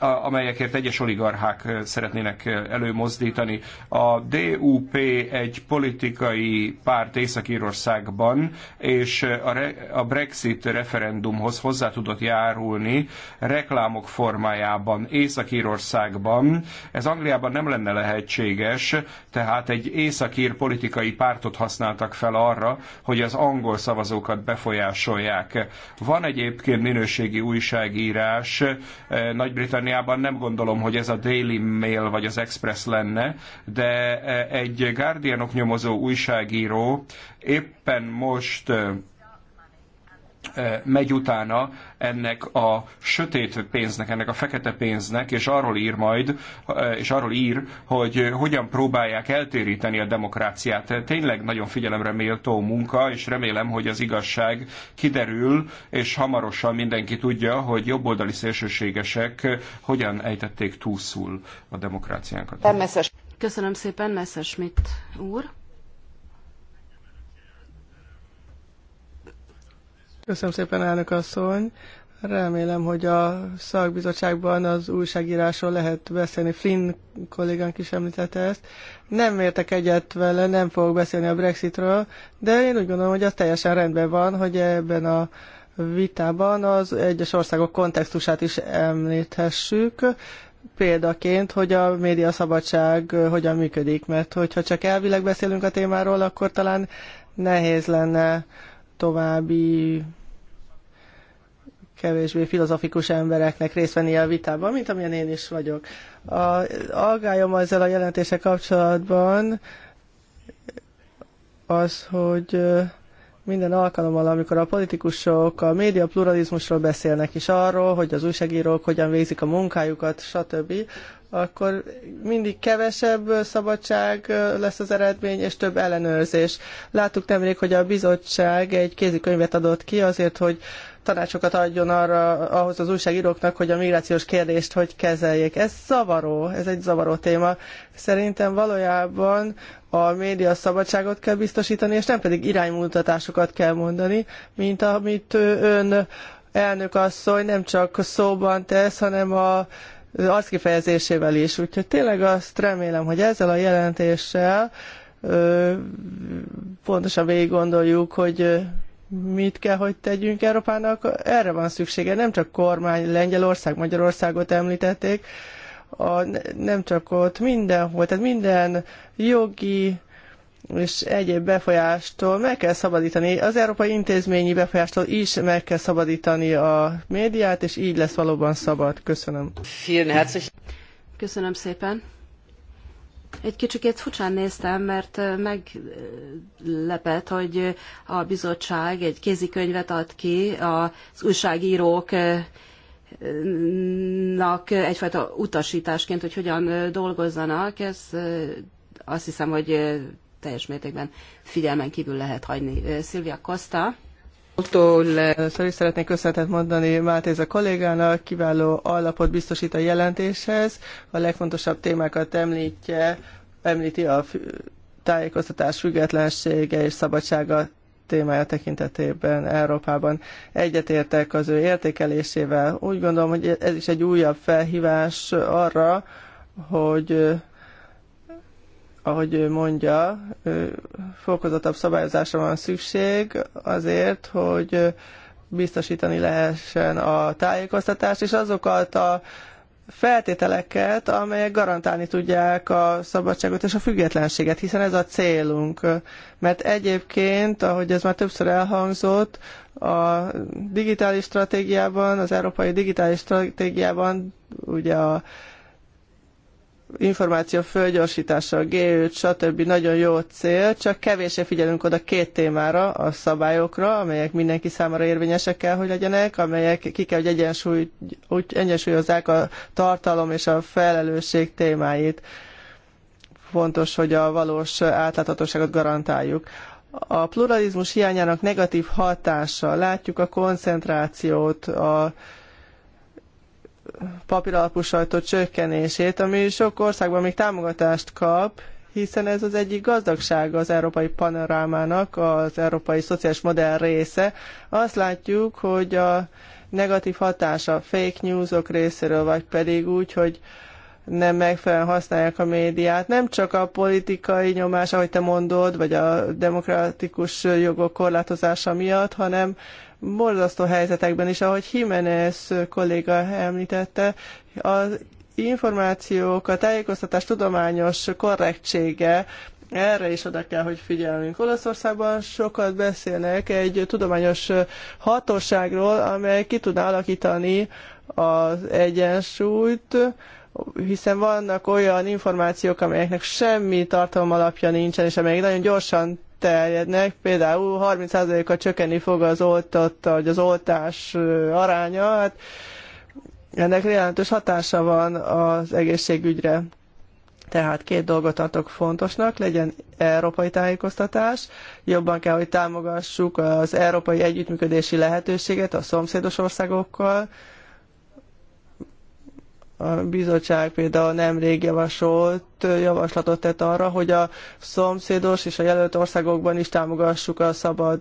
amelyekért egyes oligarchák szeretnének előmozdítani. A DUP egy politikai párt Észak-Írországban, és a Brexit referendumhoz hozzá tudott járulni reklámok formájában Észak-Írországban. Ez Angliában nem lenne lehetséges, tehát egy északír politikai pártot használtak fel arra, hogy az angol szavazókat befolyásolják. Van egyébként minőségi újságírás Nagy-Britanniában, britanniában nem gondolom, hogy ez a Daily Mail vagy az Express lenne, de eh, egy Guardianok nyomozó újságíró éppen most eh, Eh, megy utána ennek a sötét pénznek, ennek a fekete pénznek, és arról ír majd, eh, és arról ír, hogy hogyan próbálják eltéríteni a demokráciát. Tényleg nagyon figyelemre méltó munka, és remélem, hogy az igazság kiderül, és hamarosan mindenki tudja, hogy jobboldali szélsőségesek hogyan ejtették túlszul a demokráciánkat. Köszönöm szépen, Messerschmidt úr. Köszönöm szépen, elnök asszony. Remélem, hogy a szakbizottságban az újságírásról lehet beszélni. Flynn kollégánk is említette ezt. Nem értek egyet vele, nem fogok beszélni a Brexitről, de én úgy gondolom, hogy az teljesen rendben van, hogy ebben a vitában az egyes országok kontextusát is említhessük példaként, hogy a médiaszabadság hogyan működik, mert hogyha csak elvileg beszélünk a témáról, akkor talán nehéz lenne további kevésbé filozofikus embereknek részt venni a vitában, mint amilyen én is vagyok. A aggályom ezzel a jelentése kapcsolatban az, hogy minden alkalommal, amikor a politikusok a média pluralizmusról beszélnek, és arról, hogy az újságírók hogyan végzik a munkájukat, stb., akkor mindig kevesebb szabadság lesz az eredmény, és több ellenőrzés. Láttuk nemrég, hogy a bizottság egy kézikönyvet adott ki azért, hogy tanácsokat adjon arra, ahhoz az újságíróknak, hogy a migrációs kérdést hogy kezeljék. Ez zavaró, ez egy zavaró téma. Szerintem valójában a média szabadságot kell biztosítani, és nem pedig iránymutatásokat kell mondani, mint amit ön elnök asszony nem csak szóban tesz, hanem a arckifejezésével is. Úgyhogy tényleg azt remélem, hogy ezzel a jelentéssel pontosan végig gondoljuk, hogy mit kell, hogy tegyünk Európának, erre van szüksége. Nem csak kormány, Lengyelország, Magyarországot említették, a, nem csak ott, mindenhol, tehát minden jogi és egyéb befolyástól meg kell szabadítani, az európai intézményi befolyástól is meg kell szabadítani a médiát, és így lesz valóban szabad. Köszönöm. Köszönöm szépen. Egy kicsikét furcsán néztem, mert meglepett, hogy a bizottság egy kézikönyvet ad ki az újságírók egyfajta utasításként, hogy hogyan dolgozzanak, ez azt hiszem, hogy teljes mértékben figyelmen kívül lehet hagyni. Szilvia Costa. Először szóval is szeretnék köszönetet mondani Mátéz a kollégának, kiváló alapot biztosít a jelentéshez, a legfontosabb témákat említje, említi a tájékoztatás függetlensége és szabadsága témája tekintetében Európában. Egyetértek az ő értékelésével. Úgy gondolom, hogy ez is egy újabb felhívás arra, hogy ahogy mondja, fokozatabb szabályozásra van szükség azért, hogy biztosítani lehessen a tájékoztatást, és azokat a feltételeket, amelyek garantálni tudják a szabadságot és a függetlenséget, hiszen ez a célunk. Mert egyébként, ahogy ez már többször elhangzott, a digitális stratégiában, az európai digitális stratégiában ugye a információ fölgyorsítása, a G5, stb. nagyon jó cél, csak kevésbé figyelünk oda két témára, a szabályokra, amelyek mindenki számára érvényesek kell, hogy legyenek, amelyek ki kell, hogy egyensúly, úgy egyensúlyozzák a tartalom és a felelősség témáit. Fontos, hogy a valós átláthatóságot garantáljuk. A pluralizmus hiányának negatív hatása, látjuk a koncentrációt, a papíralapú sajtó csökkenését, ami sok országban még támogatást kap, hiszen ez az egyik gazdagsága az európai panorámának, az európai szociális modell része. Azt látjuk, hogy a negatív hatása fake newsok részéről, vagy pedig úgy, hogy nem megfelelően használják a médiát, nem csak a politikai nyomás, ahogy te mondod, vagy a demokratikus jogok korlátozása miatt, hanem borzasztó helyzetekben is, ahogy Jiménez kolléga említette, az információk, a tájékoztatás tudományos korrektsége erre is oda kell, hogy figyelnünk. Olaszországban sokat beszélnek egy tudományos hatóságról, amely ki tudná alakítani az egyensúlyt, hiszen vannak olyan információk, amelyeknek semmi tartalom alapja nincsen, és amelyek nagyon gyorsan terjednek. Például 30%-a csökkenni fog az oltott, vagy az oltás aránya. Hát ennek jelentős hatása van az egészségügyre. Tehát két dolgot tartok fontosnak, legyen európai tájékoztatás, jobban kell, hogy támogassuk az európai együttműködési lehetőséget a szomszédos országokkal, a bizottság például nemrég javasolt, javaslatot tett arra, hogy a szomszédos és a jelölt országokban is támogassuk a szabad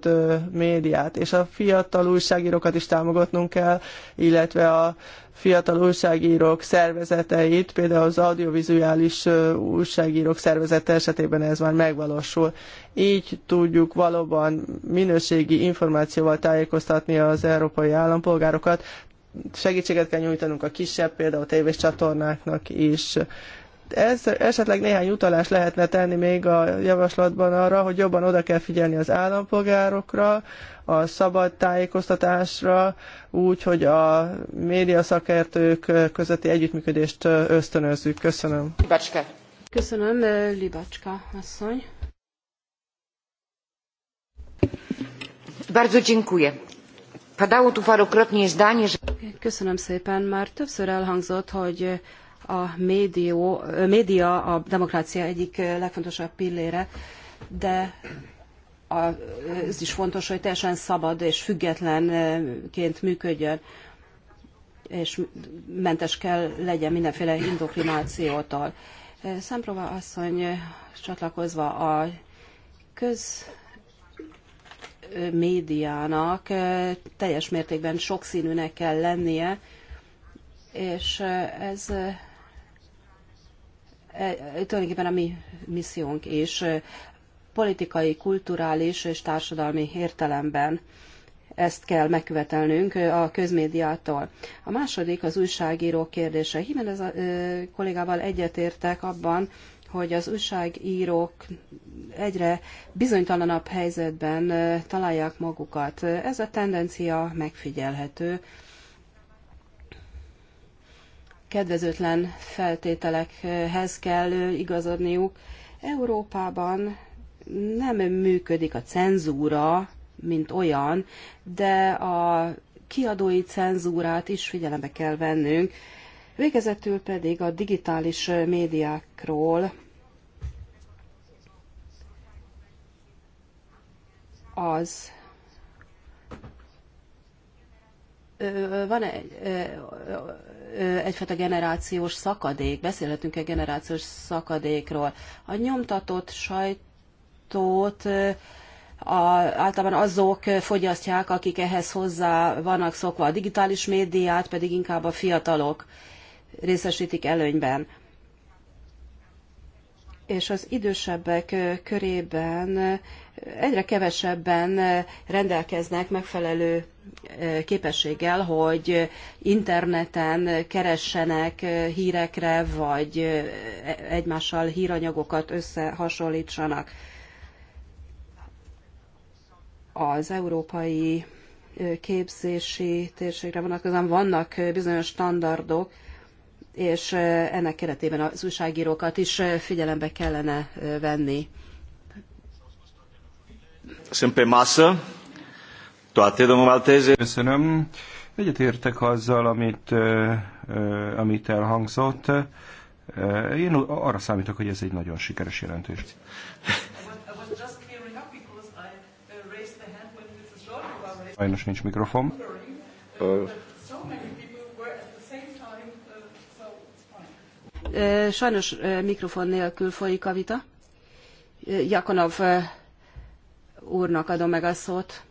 médiát, és a fiatal újságírókat is támogatnunk kell, illetve a fiatal újságírók szervezeteit, például az audiovizuális újságírók szervezete esetében ez már megvalósul. Így tudjuk valóban minőségi információval tájékoztatni az európai állampolgárokat, segítséget kell nyújtanunk a kisebb, például csatornáknak is. Ez esetleg néhány utalás lehetne tenni még a javaslatban arra, hogy jobban oda kell figyelni az állampolgárokra, a szabad tájékoztatásra, úgy, hogy a média szakértők közötti együttműködést ösztönözzük. Köszönöm. Libacska. Köszönöm, Libacska asszony. Bardzo dziękuję Köszönöm szépen. Már többször elhangzott, hogy a médió, média a demokrácia egyik legfontosabb pillére, de ez is fontos, hogy teljesen szabad és függetlenként működjön, és mentes kell legyen mindenféle indokrinációtól. Szemprova asszony csatlakozva a köz médiának teljes mértékben sokszínűnek kell lennie, és ez e, tulajdonképpen a mi missziónk is politikai, kulturális és társadalmi értelemben ezt kell megkövetelnünk a közmédiától. A második az újságíró kérdése. Himen ez a kollégával egyetértek abban, hogy az újságírók egyre bizonytalanabb helyzetben találják magukat. Ez a tendencia megfigyelhető. Kedvezőtlen feltételekhez kell igazodniuk. Európában nem működik a cenzúra, mint olyan, de a kiadói cenzúrát is figyelembe kell vennünk. Végezetül pedig a digitális médiákról az, van egy, egyfajta generációs szakadék, beszélhetünk egy generációs szakadékról. A nyomtatott sajtót a, általában azok fogyasztják, akik ehhez hozzá vannak szokva. A digitális médiát pedig inkább a fiatalok részesítik előnyben és az idősebbek körében egyre kevesebben rendelkeznek megfelelő képességgel, hogy interneten keressenek hírekre, vagy e, egymással híranyagokat összehasonlítsanak. Az európai képzési térségre vonatkozóan vannak bizonyos standardok, és ennek keretében az újságírókat is figyelembe kellene venni. Sunt pe masă Köszönöm. Egyetértek azzal, amit, amit elhangzott. Én arra számítok, hogy ez egy nagyon sikeres jelentés. Sajnos nincs mikrofon. Uh. Sajnos mikrofon nélkül folyik a vita. Jakonov úrnak adom meg a szót.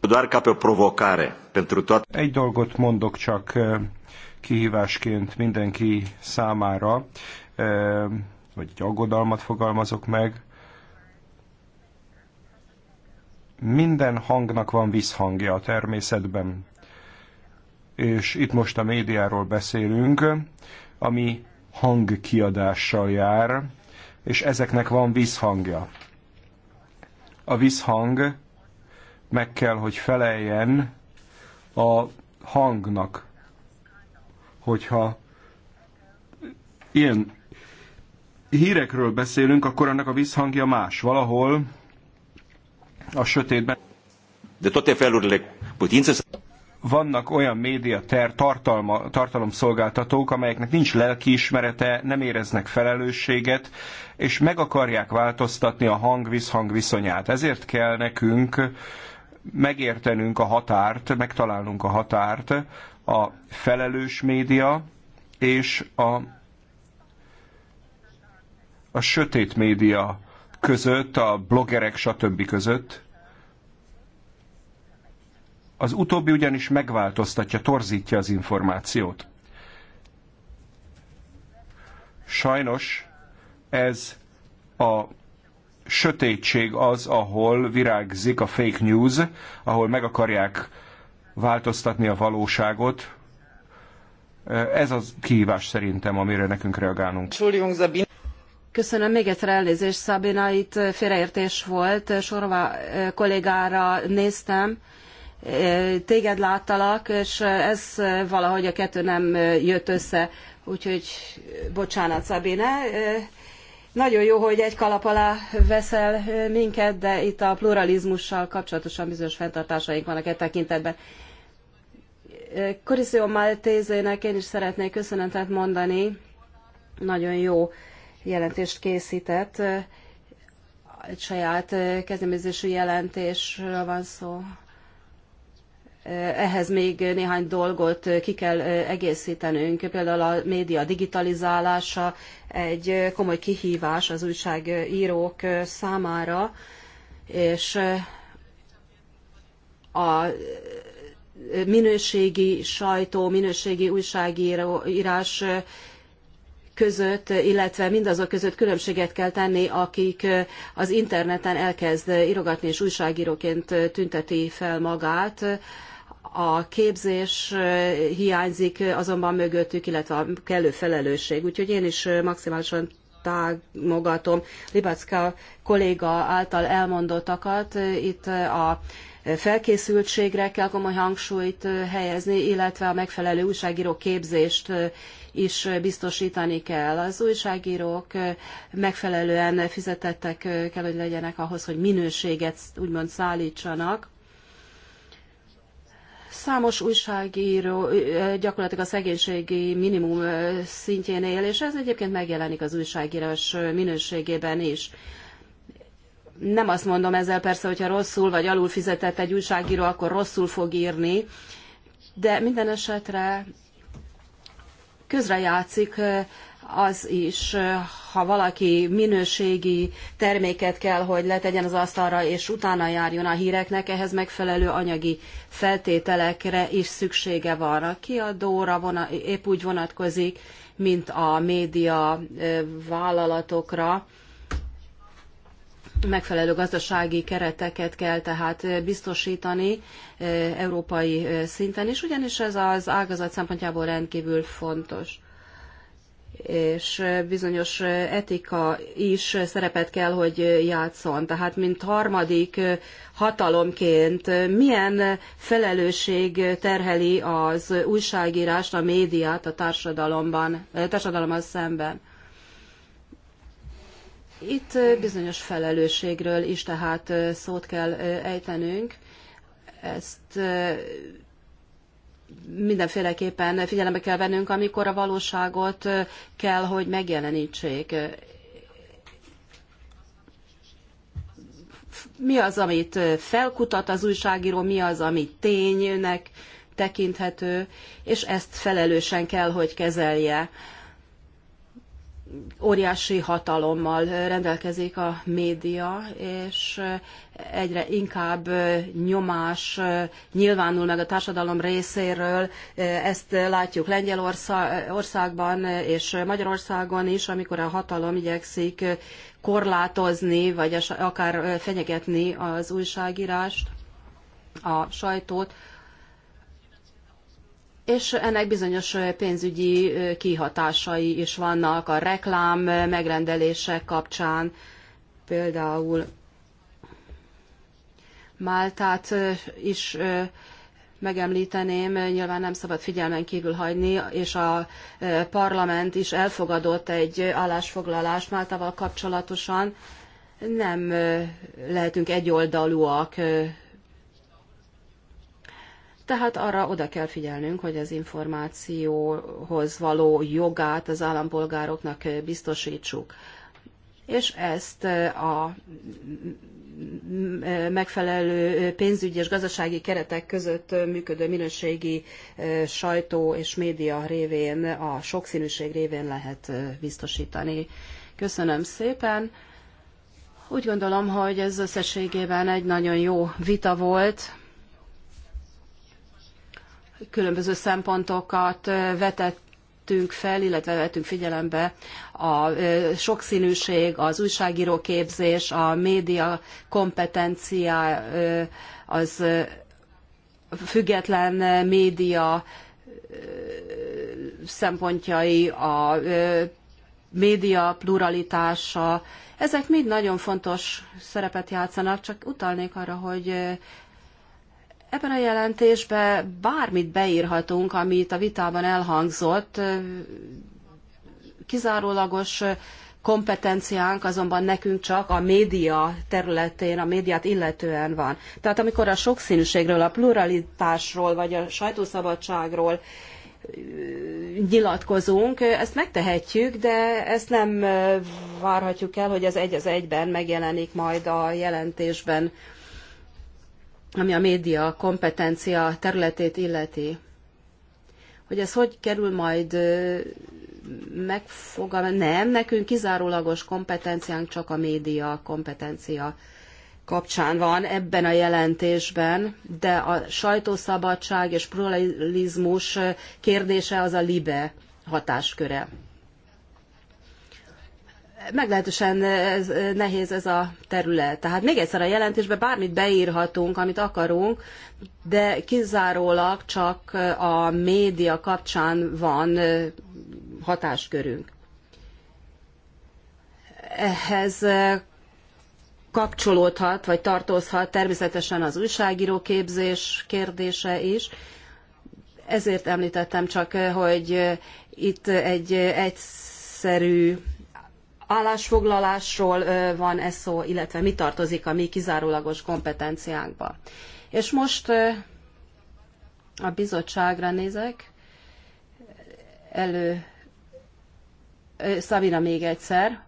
Egy dolgot mondok csak kihívásként mindenki számára, vagy egy aggodalmat fogalmazok meg. Minden hangnak van visszhangja a természetben. És itt most a médiáról beszélünk, ami hangkiadással jár, és ezeknek van visszhangja. A visszhang meg kell, hogy feleljen a hangnak, hogyha ilyen hírekről beszélünk, akkor annak a visszhangja más. Valahol a sötétben. De toate felurile putință vannak olyan média ter, tartalma, tartalomszolgáltatók, amelyeknek nincs lelkiismerete, nem éreznek felelősséget, és meg akarják változtatni a hang visz hang viszonyát. Ezért kell nekünk megértenünk a határt, megtalálnunk a határt a felelős média és a, a sötét média között, a bloggerek, stb. között az utóbbi ugyanis megváltoztatja, torzítja az információt. Sajnos ez a sötétség az, ahol virágzik a fake news, ahol meg akarják változtatni a valóságot. Ez az kihívás szerintem, amire nekünk reagálnunk. Köszönöm még egyszer elnézést, Szabina, itt félreértés volt, Sorva kollégára néztem téged láttalak, és ez valahogy a kettő nem jött össze, úgyhogy bocsánat, Szabine. Nagyon jó, hogy egy kalap alá veszel minket, de itt a pluralizmussal kapcsolatosan bizonyos fenntartásaink vannak e tekintetben. Corisio Maltézének én is szeretnék köszönetet mondani. Nagyon jó jelentést készített. Egy saját kezdeményezésű jelentésről van szó. Ehhez még néhány dolgot ki kell egészítenünk, például a média digitalizálása egy komoly kihívás az újságírók számára, és a minőségi sajtó, minőségi újságírás között, illetve mindazok között különbséget kell tenni, akik az interneten elkezd írogatni és újságíróként tünteti fel magát, a képzés hiányzik azonban mögöttük, illetve a kellő felelősség. Úgyhogy én is maximálisan támogatom Libacka kolléga által elmondottakat. Itt a felkészültségre kell komoly hangsúlyt helyezni, illetve a megfelelő újságíró képzést is biztosítani kell. Az újságírók megfelelően fizetettek kell, hogy legyenek ahhoz, hogy minőséget úgymond szállítsanak Számos újságíró gyakorlatilag a szegénységi minimum szintjén él, és ez egyébként megjelenik az újságírás minőségében is. Nem azt mondom ezzel persze, hogyha rosszul vagy alul fizetett egy újságíró, akkor rosszul fog írni, de minden esetre közrejátszik az is, ha valaki minőségi terméket kell, hogy letegyen az asztalra, és utána járjon a híreknek, ehhez megfelelő anyagi feltételekre is szüksége van. A kiadóra vona, épp úgy vonatkozik, mint a média vállalatokra. Megfelelő gazdasági kereteket kell tehát biztosítani európai szinten is, ugyanis ez az ágazat szempontjából rendkívül fontos és bizonyos etika is szerepet kell, hogy játszon. Tehát, mint harmadik hatalomként milyen felelősség terheli az újságírást, a médiát a társadalomban, eh, társadalommal szemben? Itt bizonyos felelősségről is tehát eh, szót kell eh, ejtenünk. Ezt mindenféleképpen figyelembe kell vennünk, amikor a valóságot kell, hogy megjelenítsék. Mi az, amit felkutat az újságíró, mi az, amit ténynek tekinthető, és ezt felelősen kell, hogy kezelje óriási hatalommal rendelkezik a média, és egyre inkább nyomás nyilvánul meg a társadalom részéről. Ezt látjuk Lengyelországban és Magyarországon is, amikor a hatalom igyekszik korlátozni, vagy akár fenyegetni az újságírást, a sajtót, és ennek bizonyos pénzügyi kihatásai is vannak a reklám megrendelések kapcsán, például Máltát is megemlíteném, nyilván nem szabad figyelmen kívül hagyni, és a parlament is elfogadott egy állásfoglalást Máltával kapcsolatosan. Nem lehetünk egyoldalúak tehát arra oda kell figyelnünk, hogy az információhoz való jogát az állampolgároknak biztosítsuk. És ezt a megfelelő pénzügyi és gazdasági keretek között működő minőségi e, sajtó és média révén, a sokszínűség révén lehet e, biztosítani. Köszönöm szépen! Úgy gondolom, hogy ez összességében egy nagyon jó vita volt különböző szempontokat vetettünk fel, illetve vettünk figyelembe a sokszínűség, az újságíróképzés, a média kompetencia, az független média szempontjai, a média pluralitása, ezek mind nagyon fontos szerepet játszanak, csak utalnék arra, hogy Ebben a jelentésben bármit beírhatunk, amit a vitában elhangzott, kizárólagos kompetenciánk azonban nekünk csak a média területén, a médiát illetően van. Tehát amikor a sokszínűségről, a pluralitásról, vagy a sajtószabadságról nyilatkozunk, ezt megtehetjük, de ezt nem várhatjuk el, hogy ez egy az egyben megjelenik majd a jelentésben ami a média kompetencia területét illeti. Hogy ez hogy kerül majd megfogalmazni? Nem, nekünk kizárólagos kompetenciánk csak a média kompetencia kapcsán van ebben a jelentésben, de a sajtószabadság és pluralizmus kérdése az a libe hatásköre meglehetősen eh, eh, nehéz ez a terület. Tehát még egyszer a jelentésbe bármit beírhatunk, amit akarunk, de kizárólag csak eh, a média kapcsán van hatáskörünk. Ehhez kapcsolódhat, vagy tartozhat természetesen az újságíró képzés kérdése is. Ezért említettem csak, hogy itt egy egyszerű állásfoglalásról van ez szó, illetve mi tartozik a mi kizárólagos kompetenciánkba. És most a bizottságra nézek. Elő Szabina még egyszer.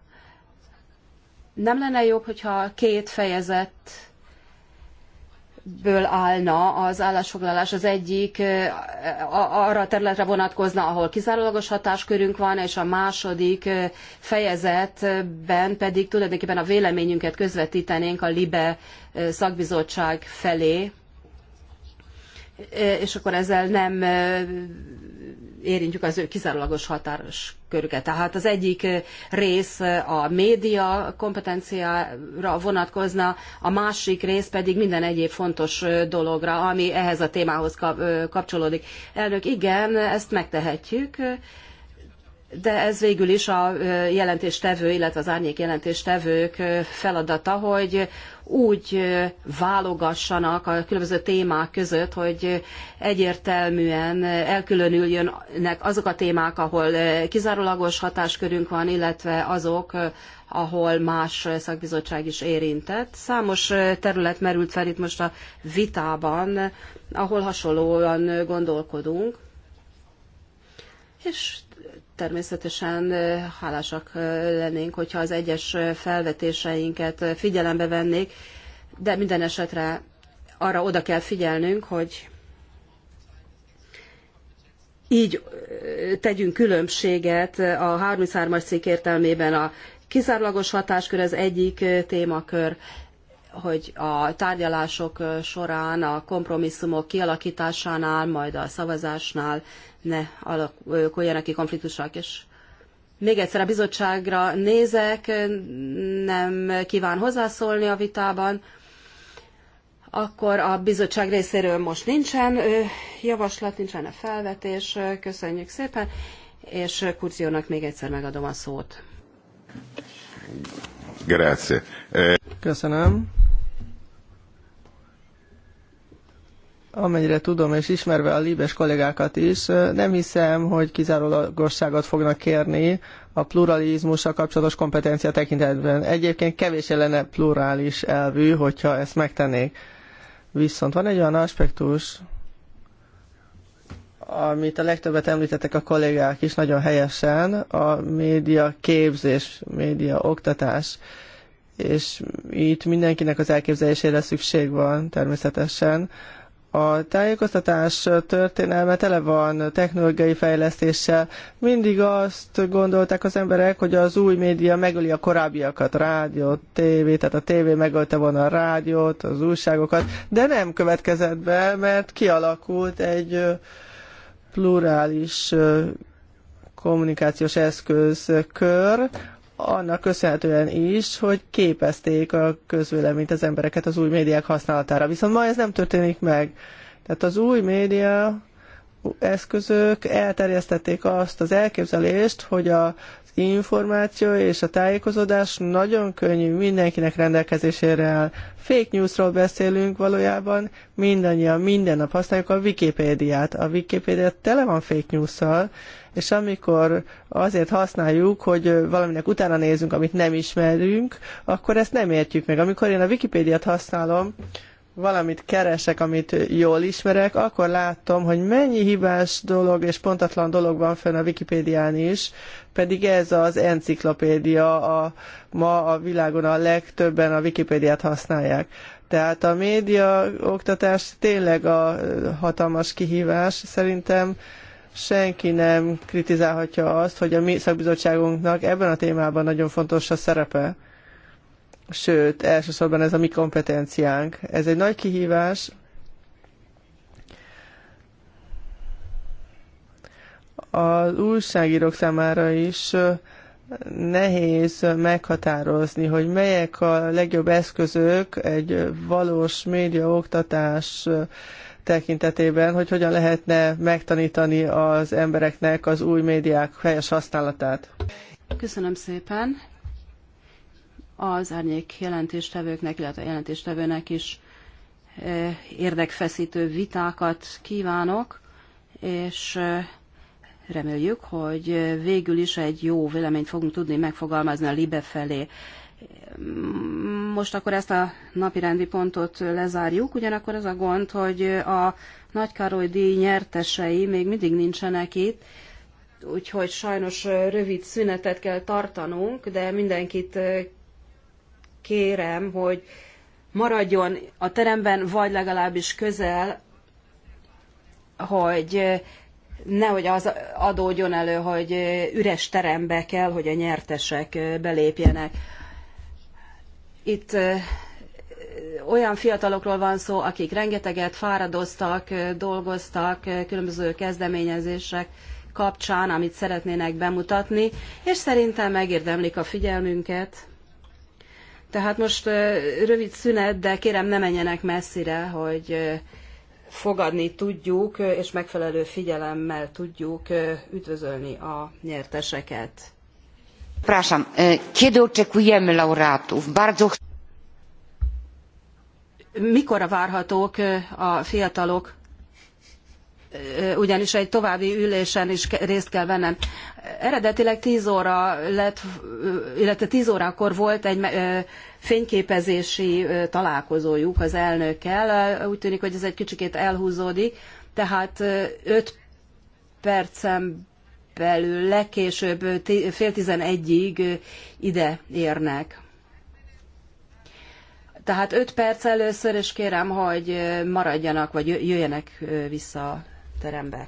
Nem lenne jobb, hogyha két fejezet ből állna az állásfoglalás. Az egyik arra a területre vonatkozna, ahol kizárólagos hatáskörünk van, és a második fejezetben pedig tulajdonképpen a véleményünket közvetítenénk a LIBE szakbizottság felé, és akkor ezzel nem érintjük az ő kizárólagos határos körüket. Tehát az egyik eh, rész eh, a média kompetenciára vonatkozna, a másik rész pedig minden egyéb fontos eh, dologra, ami ehhez a témához kapcsolódik. Elnök, igen, ezt megtehetjük de ez végül is a jelentéstevő, illetve az árnyék jelentéstevők feladata, hogy úgy válogassanak a különböző témák között, hogy egyértelműen elkülönüljönnek azok a témák, ahol kizárólagos hatáskörünk van, illetve azok, ahol más szakbizottság is érintett. Számos terület merült fel itt most a vitában, ahol hasonlóan gondolkodunk. És természetesen hálásak lennénk, hogyha az egyes felvetéseinket figyelembe vennék, de minden esetre arra oda kell figyelnünk, hogy így tegyünk különbséget a 33-as cikk értelmében a kizárlagos hatáskör az egyik témakör, hogy a tárgyalások során, a kompromisszumok kialakításánál, majd a szavazásnál ne alakuljanak ki konfliktusok. És még egyszer a bizottságra nézek, nem kíván hozzászólni a vitában, akkor a bizottság részéről most nincsen javaslat, nincsen a felvetés. Köszönjük szépen, és Kurciónak még egyszer megadom a szót. Grazie. Köszönöm. amennyire tudom, és ismerve a libes kollégákat is, nem hiszem, hogy kizárólagosságot fognak kérni a pluralizmussal kapcsolatos kompetencia tekintetben. Egyébként kevés lenne plurális elvű, hogyha ezt megtennék. Viszont van egy olyan aspektus, amit a legtöbbet említettek a kollégák is nagyon helyesen, a média képzés, média oktatás, és itt mindenkinek az elképzelésére szükség van természetesen a tájékoztatás történelme tele van technológiai fejlesztéssel. Mindig azt gondolták az emberek, hogy az új média megöli a korábbiakat, rádiót, tévét, tehát a tévé megölte volna a rádiót, az újságokat, de nem következett be, mert kialakult egy plurális kommunikációs eszközkör, annak köszönhetően is, hogy képezték a közvéleményt, az embereket az új médiák használatára. Viszont ma ez nem történik meg. Tehát az új média eszközök elterjesztették azt az elképzelést, hogy az információ és a tájékozódás nagyon könnyű, mindenkinek rendelkezésére áll. Fake newsról beszélünk valójában, mindannyian minden nap használjuk a Wikipédiát. A Wikipédia tele van fake newsszal, és amikor azért használjuk, hogy valaminek utána nézünk, amit nem ismerünk, akkor ezt nem értjük meg. Amikor én a Wikipédiát használom, valamit keresek, amit jól ismerek, akkor látom, hogy mennyi hibás dolog és pontatlan dolog van fönn a Wikipédián is, pedig ez az enciklopédia, a, ma a világon a legtöbben a Wikipédiát használják. Tehát a média oktatás tényleg a hatalmas kihívás, szerintem senki nem kritizálhatja azt, hogy a mi szakbizottságunknak ebben a témában nagyon fontos a szerepe. Sőt, elsősorban ez a mi kompetenciánk. Ez egy nagy kihívás. Az újságírók számára is nehéz meghatározni, hogy melyek a legjobb eszközök egy valós média oktatás tekintetében, hogy hogyan lehetne megtanítani az embereknek az új médiák helyes használatát. Köszönöm szépen. Az árnyék jelentéstevőknek, illetve jelentéstevőnek is eh, érdekfeszítő vitákat kívánok, és eh, reméljük, hogy eh, végül is egy jó véleményt fogunk tudni megfogalmazni a Libe felé. Most akkor ezt a napirendi pontot lezárjuk, ugyanakkor az a gond, hogy a Károly díj nyertesei még mindig nincsenek itt, úgyhogy sajnos rövid szünetet kell tartanunk, de mindenkit eh, kérem, hogy maradjon a teremben, vagy legalábbis közel, hogy eh, nehogy az adódjon elő, hogy eh, üres terembe kell, hogy a nyertesek belépjenek. Itt olyan fiatalokról van szó, akik rengeteget fáradoztak, dolgoztak különböző kezdeményezések kapcsán, amit szeretnének bemutatni, és szerintem megérdemlik a figyelmünket. Tehát most rövid szünet, de kérem ne menjenek messzire, hogy fogadni tudjuk, és megfelelő figyelemmel tudjuk üdvözölni a nyerteseket. Przepraszam, e, kiedy oczekujemy laureatów? Bardzo... Mikor várhatók e, a fiatalok? E, ugyanis egy további ülésen is részt kell vennem. Eredetileg 10 óra lett, illetve 10 órakor volt egy fényképezési találkozójuk az elnökkel. Úgy tűnik, hogy ez egy kicsikét elhúzódik, tehát 5 percen belül legkésőbb fél tizenegyig ide érnek. Tehát öt perc először, és kérem, hogy maradjanak, vagy jöjjenek vissza a terembe.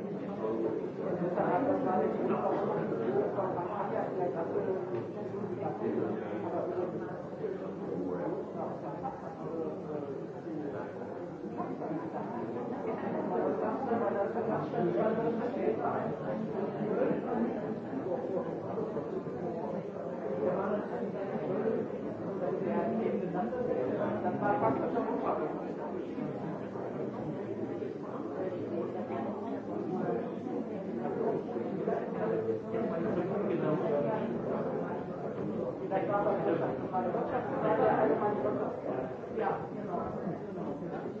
Ja, genau.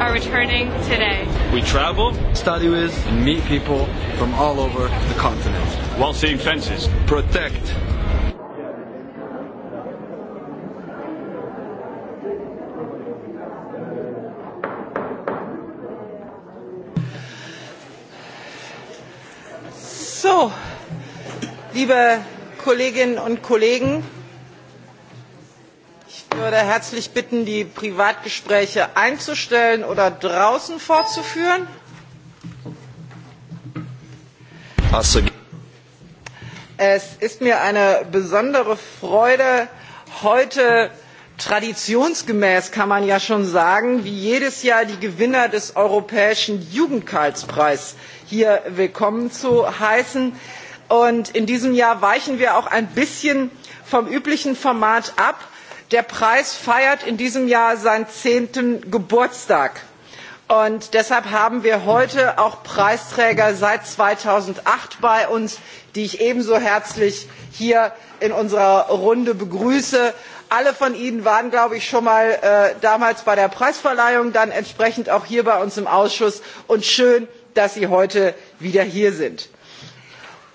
are returning today. We travel, study with, and meet people from all over the continent. While seeing fences. Protect. So, liebe Kolleginnen und Kollegen, herzlich bitten, die Privatgespräche einzustellen oder draußen fortzuführen. Es ist mir eine besondere Freude, heute traditionsgemäß kann man ja schon sagen wie jedes jahr die gewinner des europäischen jugendkarlspreises hier willkommen zu heißen. und in diesem jahr weichen wir auch ein bisschen vom üblichen format ab der preis feiert in diesem jahr seinen zehnten geburtstag und deshalb haben wir heute auch preisträger seit zweitausendacht bei uns die ich ebenso herzlich hier in unserer runde begrüße. alle von ihnen waren glaube ich schon mal äh, damals bei der preisverleihung dann entsprechend auch hier bei uns im ausschuss und schön dass sie heute wieder hier sind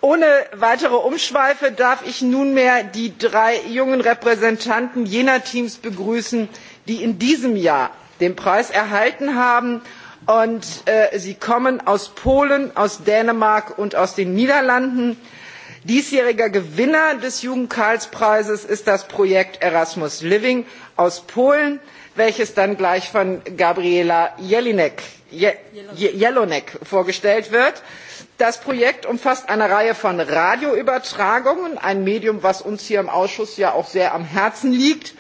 ohne weitere umschweife darf ich nunmehr die drei jungen repräsentanten jener teams begrüßen die in diesem jahr den preis erhalten haben und äh, sie kommen aus polen aus dänemark und aus den niederlanden. diesjähriger gewinner des jugend karls preises ist das projekt erasmus living aus polen welches dann gleich von gabriela jelinek vorgestellt wird das projekt umfasst eine reihe von radioübertragungen ein medium das uns hier im ausschuss ja auch sehr am herzen liegt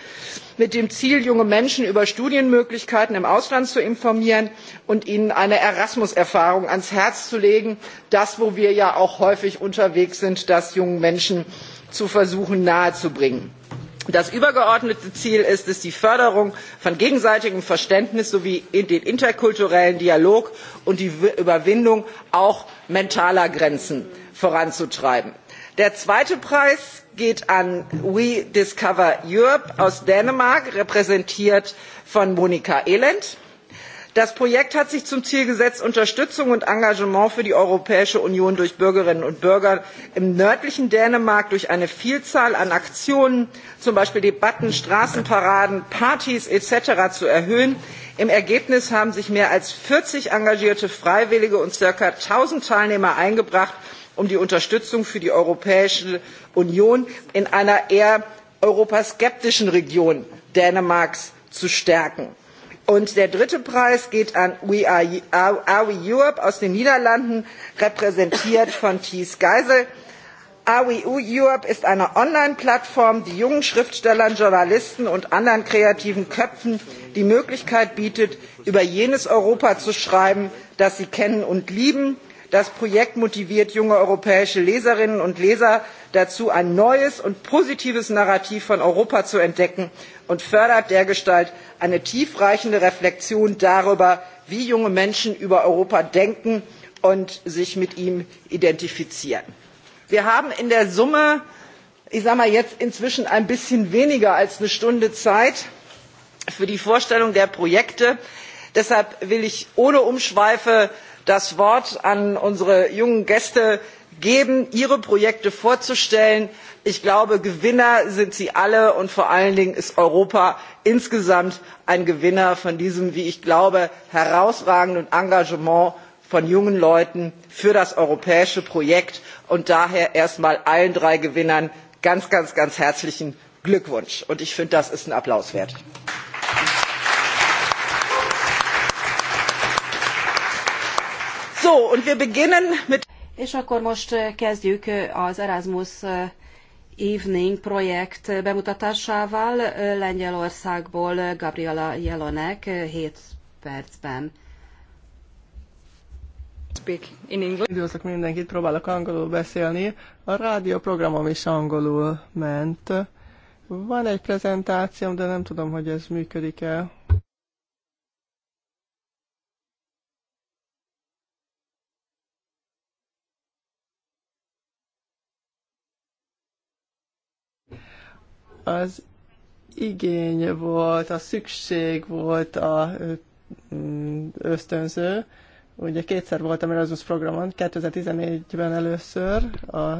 mit dem ziel junge menschen über studienmöglichkeiten im ausland zu informieren und ihnen eine erasmus erfahrung ans herz zu legen das wo wir ja auch häufig unterwegs sind das jungen menschen zu versuchen nahezubringen das übergeordnete ziel ist es die förderung von gegenseitigem verständnis sowie den interkulturellen dialog und die überwindung auch mentaler grenzen voranzutreiben. der zweite preis geht an we discover europe aus dänemark repräsentiert von monika elend das projekt hat sich zum ziel gesetzt unterstützung und engagement für die europäische union durch bürgerinnen und bürger im nördlichen dänemark durch eine vielzahl an aktionen zum beispiel debatten straßenparaden partys etc. zu erhöhen. im ergebnis haben sich mehr als vierzig engagierte freiwillige und circa tausend teilnehmer eingebracht um die unterstützung für die europäische union in einer eher europaskeptischen region dänemarks zu stärken. Und der dritte Preis geht an We Are, We Europe aus den Niederlanden, repräsentiert von Thies Geisel. Are We Europe ist eine Online-Plattform, die jungen Schriftstellern, Journalisten und anderen kreativen Köpfen die Möglichkeit bietet, über jenes Europa zu schreiben, das sie kennen und lieben – das projekt motiviert junge europäische leserinnen und leser dazu ein neues und positives narrativ von europa zu entdecken und fördert dergestalt eine tiefreichende reflexion darüber wie junge menschen über europa denken und sich mit ihm identifizieren. wir haben in der summe ich sage mal jetzt inzwischen ein bisschen weniger als eine stunde zeit für die vorstellung der projekte deshalb will ich ohne umschweife das wort an unsere jungen gäste geben ihre projekte vorzustellen. ich glaube gewinner sind sie alle und vor allen dingen ist europa insgesamt ein gewinner von diesem wie ich glaube herausragenden engagement von jungen leuten für das europäische projekt und daher erst einmal allen drei gewinnern ganz ganz herzlichen glückwunsch und ich finde das ist einen applaus wert. És akkor most eh, kezdjük eh, az Erasmus eh, Evening projekt bemutatásával Lengyelországból Gabriela Jelonek 7 percben. Speak in English. Üdvözlök mindenkit, próbálok angolul beszélni. A rádió programom is angolul ment. Van egy prezentációm, de nem tudom, hogy ez működik-e. az igény volt, a szükség volt a ösztönző. Ugye kétszer voltam Erasmus programon, 2014-ben először a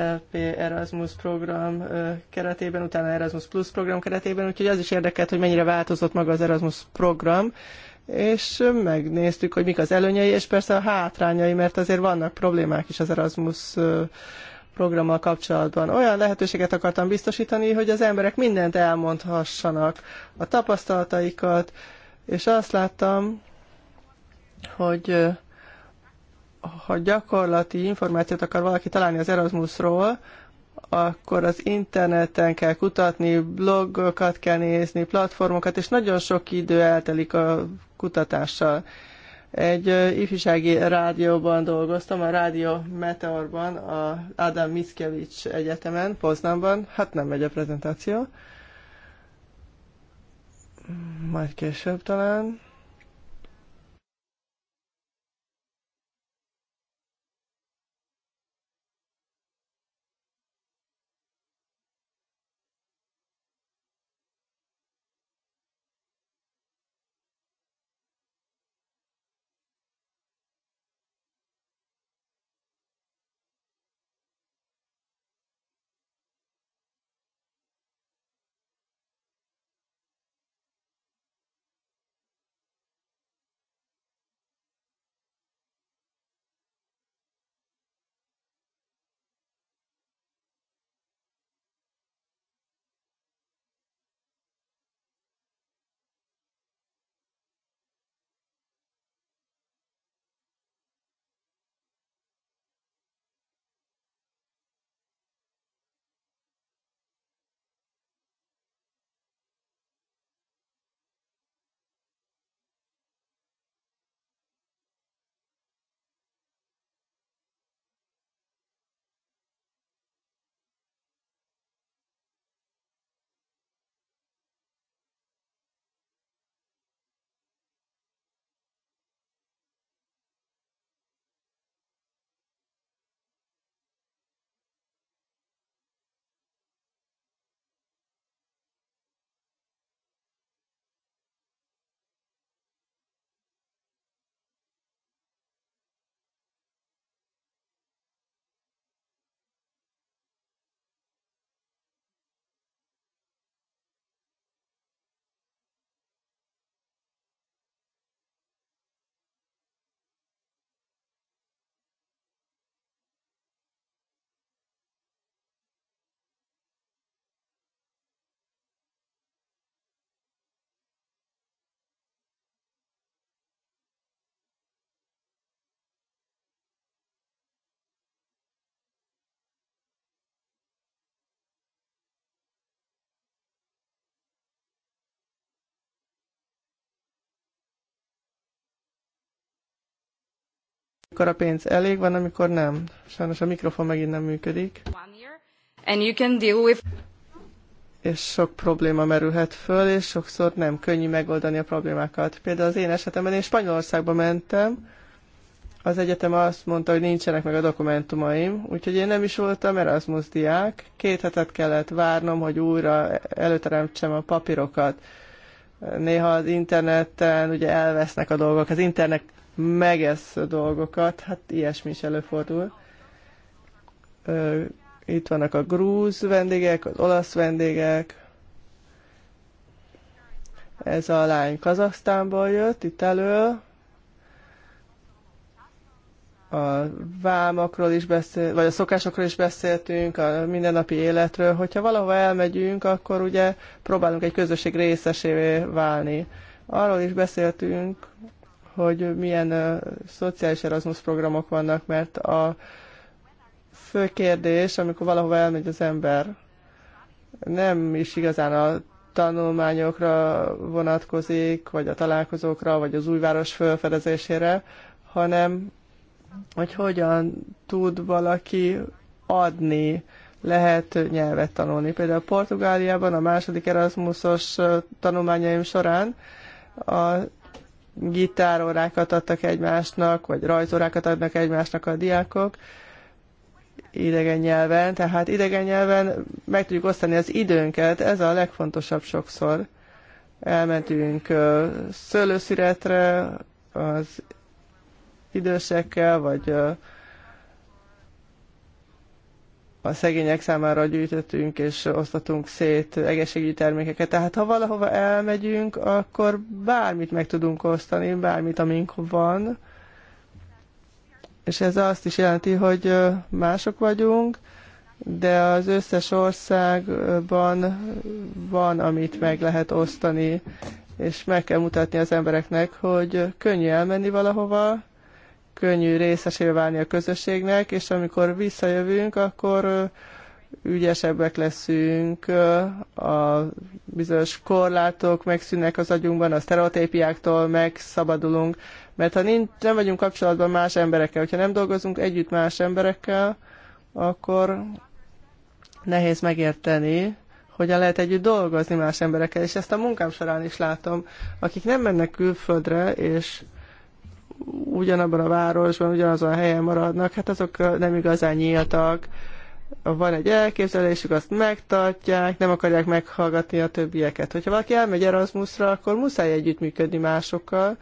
LP Erasmus program keretében, utána Erasmus Plus program keretében, úgyhogy az is érdekelt, hogy mennyire változott maga az Erasmus program, és megnéztük, hogy mik az előnyei, és persze a hátrányai, mert azért vannak problémák is az Erasmus programmal kapcsolatban. Olyan lehetőséget akartam biztosítani, hogy az emberek mindent elmondhassanak, a tapasztalataikat, és azt láttam, hogy ha gyakorlati információt akar valaki találni az Erasmusról, akkor az interneten kell kutatni, blogokat kell nézni, platformokat, és nagyon sok idő eltelik a kutatással. Egy ifjúsági rádióban dolgoztam, a Rádió Meteorban, a Adam Mickiewicz Egyetemen, Poznanban. Hát nem megy a prezentáció. Majd később talán. amikor a pénz elég van, amikor nem. Sajnos a mikrofon megint nem működik. And you can deal with... És sok probléma merülhet föl, és sokszor nem könnyű megoldani a problémákat. Például az én esetemben én Spanyolországba mentem, az egyetem azt mondta, hogy nincsenek meg a dokumentumaim, úgyhogy én nem is voltam Erasmus diák. Két hetet kellett várnom, hogy újra előteremtsem a papírokat. Néha az interneten ugye elvesznek a dolgok. Az internet megesz dolgokat, hát ilyesmi is előfordul. Itt vannak a grúz vendégek, az olasz vendégek. Ez a lány Kazasztánból jött, itt elő. A vámakról is beszélt, vagy a szokásokról is beszéltünk, a mindennapi életről. Hogyha valahova elmegyünk, akkor ugye próbálunk egy közösség részesévé válni. Arról is beszéltünk, hogy milyen uh, szociális Erasmus programok vannak, mert a fő kérdés, amikor valahova elmegy az ember, nem is igazán a tanulmányokra vonatkozik, vagy a találkozókra, vagy az újváros felfedezésére, hanem hogy hogyan tud valaki adni, lehet nyelvet tanulni. Például Portugáliában a második Erasmusos tanulmányaim során a gitárórákat adtak egymásnak, vagy rajzórákat adnak egymásnak a diákok idegen nyelven, tehát idegen nyelven meg tudjuk osztani az időnket, ez a legfontosabb sokszor. Elmentünk szőlőszületre az idősekkel, vagy a szegények számára gyűjtöttünk és osztatunk szét egészségügyi termékeket. Tehát ha valahova elmegyünk, akkor bármit meg tudunk osztani, bármit, amink van. És ez azt is jelenti, hogy mások vagyunk, de az összes országban van, amit meg lehet osztani, és meg kell mutatni az embereknek, hogy könnyű elmenni valahova, könnyű részesévé válni a közösségnek, és amikor visszajövünk, akkor ügyesebbek leszünk, a bizonyos korlátok megszűnnek az agyunkban, a sztereotépiáktól megszabadulunk, mert ha nincs, nem vagyunk kapcsolatban más emberekkel, hogyha nem dolgozunk együtt más emberekkel, akkor nehéz megérteni, hogyan lehet együtt dolgozni más emberekkel, és ezt a munkám során is látom, akik nem mennek külföldre, és ugyanabban a városban, ugyanazon a helyen maradnak, hát azok nem igazán nyíltak. Van egy elképzelésük, azt megtartják, nem akarják meghallgatni a többieket. Hogyha valaki elmegy Erasmusra, akkor muszáj együttműködni másokkal,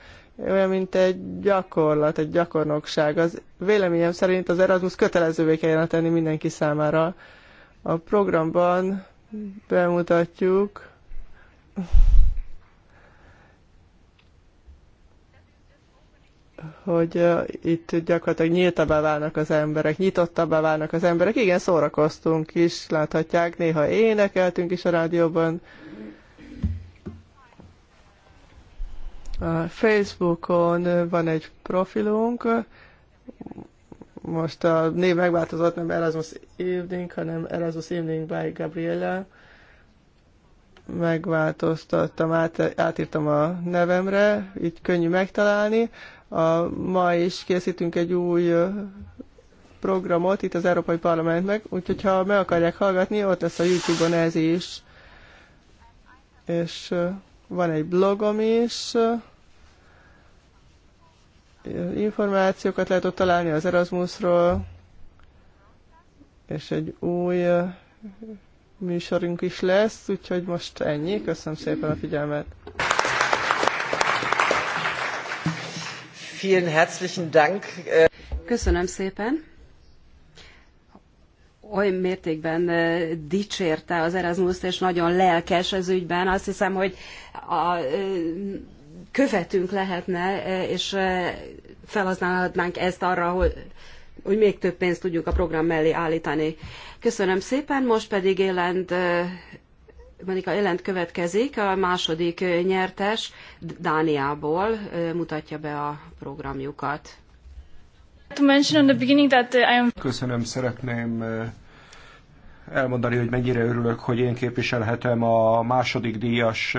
olyan, mint egy gyakorlat, egy gyakornokság. Az véleményem szerint az Erasmus kötelezővé kellene tenni mindenki számára. A programban bemutatjuk hogy itt gyakorlatilag nyíltabbá válnak az emberek, nyitottabbá válnak az emberek. Igen, szórakoztunk is, láthatják, néha énekeltünk is a rádióban. A Facebookon van egy profilunk, most a név megváltozott, nem Erasmus Evening, hanem Erasmus Evening by Gabriella. Megváltoztattam, át, átírtam a nevemre, így könnyű megtalálni. A, ma is készítünk egy új programot itt az Európai Parlamentnek, úgyhogy ha meg akarják hallgatni, ott lesz a YouTube-on ez is. És van egy blogom is, információkat lehet ott találni az Erasmusról, és egy új műsorunk is lesz, úgyhogy most ennyi. Köszönöm szépen a figyelmet! Vielen herzlichen Dank. Äh, Köszönöm szépen. Oly mértékben äh, dicsérte az Erasmus, és nagyon lelkes ez ügyben. Azt hiszem, hogy a követünk lehetne, és felhasználhatnánk ezt arra, hogy hogy még több pénzt tudjunk a program mellé állítani. Köszönöm szépen, most pedig Élend Monika ellent következik, a második nyertes Dániából mutatja be a programjukat. Uh, Köszönöm, szeretném elmondani, hogy mennyire örülök, hogy én képviselhetem a második díjas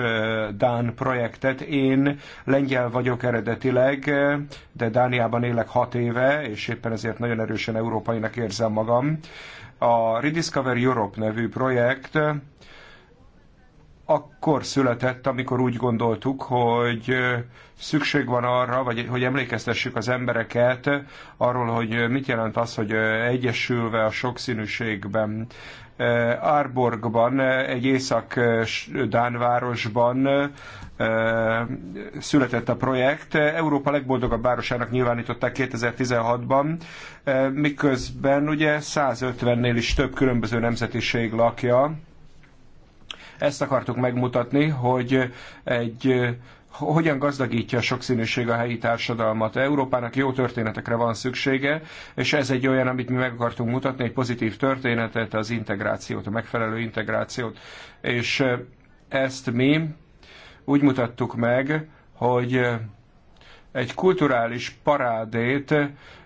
Dán projektet. Én lengyel vagyok eredetileg, de Dániában élek hat éve, és éppen ezért nagyon erősen európainak érzem magam. A Rediscover Europe nevű projekt akkor született, amikor úgy gondoltuk, hogy szükség van arra, vagy hogy emlékeztessük az embereket arról, hogy mit jelent az, hogy egyesülve a sokszínűségben. Árborgban, egy észak-dán városban született a projekt. Európa legboldogabb városának nyilvánították 2016-ban, miközben ugye 150-nél is több különböző nemzetiség lakja, ezt akartuk megmutatni, hogy egy hogyan gazdagítja a sokszínűség a helyi társadalmat. Európának jó történetekre van szüksége, és ez egy olyan, amit mi meg akartunk mutatni, egy pozitív történetet, az integrációt, a megfelelő integrációt. És ezt mi úgy mutattuk meg, hogy egy kulturális parádét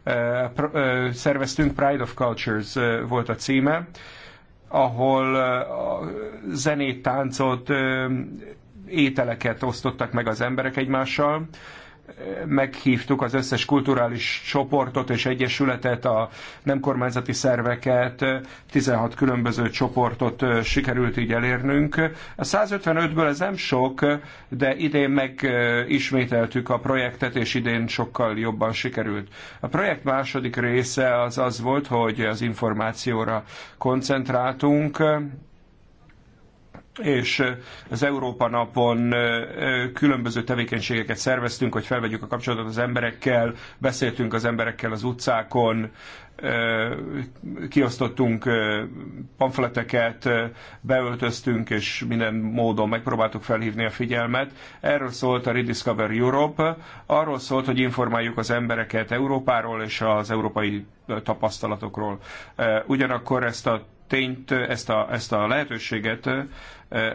eh, eh, szerveztünk, Pride of Cultures eh, volt a címe, ahol a zenét, táncot, ételeket osztottak meg az emberek egymással meghívtuk az összes kulturális csoportot és egyesületet, a nem kormányzati szerveket, 16 különböző csoportot sikerült így elérnünk. A 155-ből ez nem sok, de idén megismételtük a projektet, és idén sokkal jobban sikerült. A projekt második része az az volt, hogy az információra koncentráltunk, és az Európa napon különböző tevékenységeket szerveztünk, hogy felvegyük a kapcsolatot az emberekkel, beszéltünk az emberekkel az utcákon, kiosztottunk pamfleteket, beöltöztünk, és minden módon megpróbáltuk felhívni a figyelmet. Erről szólt a Rediscover Europe, arról szólt, hogy informáljuk az embereket Európáról és az európai tapasztalatokról. Ugyanakkor ezt a tényt, ezt a, ezt a lehetőséget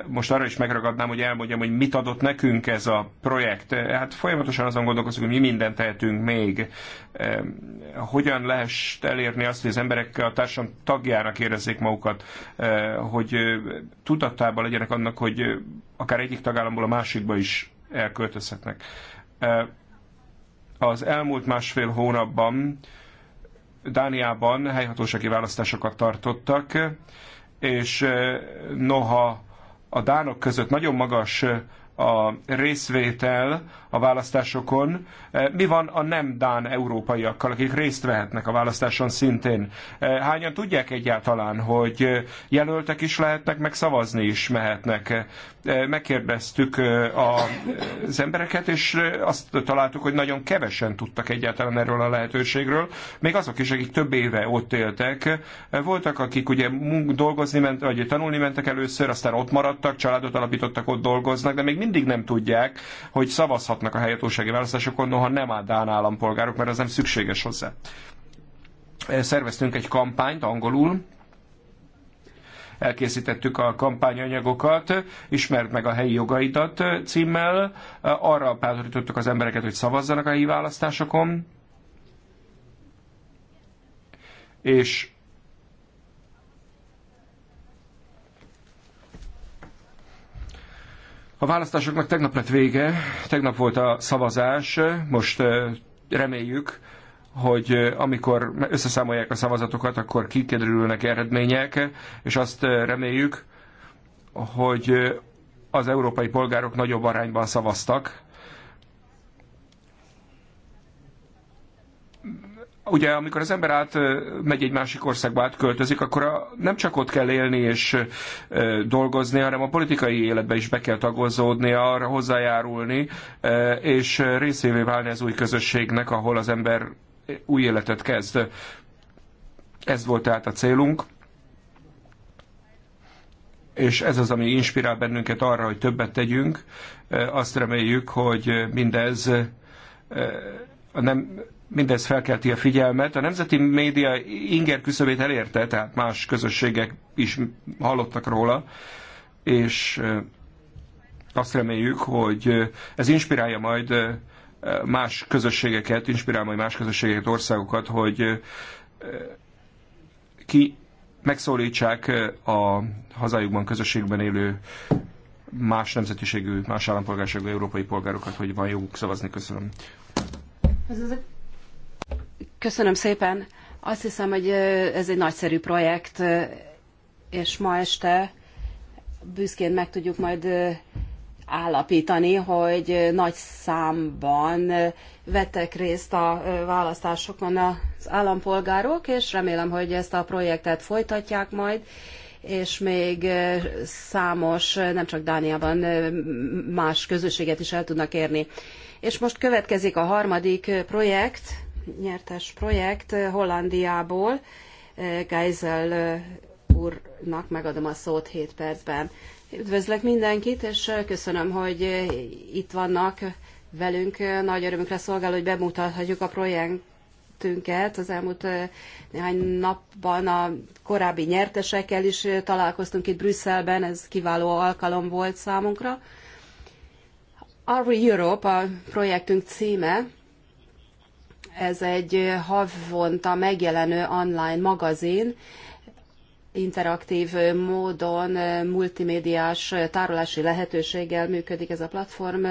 most arra is megragadnám, hogy elmondjam, hogy mit adott nekünk ez a projekt. Hát folyamatosan azon gondolkozunk, hogy mi mindent tehetünk még. Hogyan lehet elérni azt, hogy az emberek a társadalom tagjának érezzék magukat, hogy tudatában legyenek annak, hogy akár egyik tagállamból a másikba is elköltözhetnek. Az elmúlt másfél hónapban Dániában helyhatósági választásokat tartottak, és eh, noha a dánok között nagyon magas eh, a részvétel, a választásokon. E, mi van a nem dán európaiakkal, akik részt vehetnek a választáson szintén? E, hányan tudják egyáltalán, hogy jelöltek is lehetnek, meg szavazni is mehetnek? E, megkérdeztük az embereket, és azt találtuk, hogy nagyon kevesen tudtak egyáltalán erről a lehetőségről. Még azok is, akik több éve ott éltek, voltak, akik ugye dolgozni ment, vagy tanulni mentek először, aztán ott maradtak, családot alapítottak, ott dolgoznak, de még mindig nem tudják, hogy szavazhat szavazhatnak a helyhatósági választásokon, noha nem áll Dán állampolgárok, mert ez nem szükséges hozzá. Szerveztünk egy kampányt angolul, elkészítettük a kampányanyagokat, ismert meg a helyi jogaidat címmel, arra pátorítottuk az embereket, hogy szavazzanak a helyi választásokon, és A választásoknak tegnap lett vége, tegnap volt a szavazás, most reméljük, hogy amikor összeszámolják a szavazatokat, akkor kikedrülnek eredmények, és azt reméljük, hogy az európai polgárok nagyobb arányban szavaztak, ugye amikor az ember át megy egy másik országba, átköltözik, akkor a, nem csak ott kell élni és e, dolgozni, hanem a politikai életbe is be kell tagozódni, arra hozzájárulni, e, és részévé válni az új közösségnek, ahol az ember új életet kezd. Ez volt tehát a célunk, és ez az, ami inspirál bennünket arra, hogy többet tegyünk. E, azt reméljük, hogy mindez e, nem mindez felkelti a figyelmet. A nemzeti média inger küszöbét elérte, tehát más közösségek is hallottak róla, és azt reméljük, hogy ez inspirálja majd más közösségeket, inspirál majd más közösségeket, országokat, hogy ki megszólítsák a hazájukban, közösségben élő más nemzetiségű, más állampolgárságú európai polgárokat, hogy van joguk szavazni. Köszönöm. Köszönöm szépen. Azt hiszem, hogy ez egy nagyszerű projekt, és ma este büszkén meg tudjuk majd állapítani, hogy nagy számban vettek részt a választásokon az állampolgárok, és remélem, hogy ezt a projektet folytatják majd, és még számos, nem csak Dániában, más közösséget is el tudnak érni. És most következik a harmadik projekt, nyertes projekt eh, Hollandiából. Eh, Geisel eh, úrnak megadom a szót 7 percben. Üdvözlök mindenkit, és köszönöm, hogy itt vannak velünk. Nagy örömünkre szolgál, hogy bemutathatjuk a projektünket. Az elmúlt néhány napban a korábbi nyertesekkel is találkoztunk itt Brüsszelben, ez kiváló alkalom volt számunkra. Our Europe a projektünk címe, ez egy havonta megjelenő online magazin, interaktív módon, eh, multimédiás tárolási lehetőséggel működik ez a platform.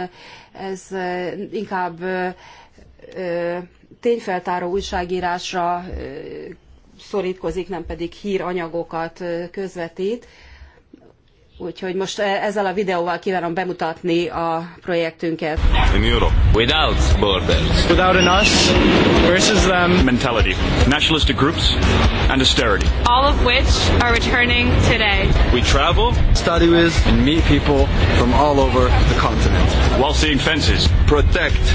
Ez eh, inkább eh, tényfeltáró újságírásra szorítkozik, nem pedig híranyagokat közvetít. Úgyhogy most e- ezzel a videóval kívánom bemutatni a projektünket. In Europe, without borders. Without an us versus them mentality, nationalistic groups and austerity. All of which are returning today. We travel, study with and meet people from all over the continent. While seeing fences. Protect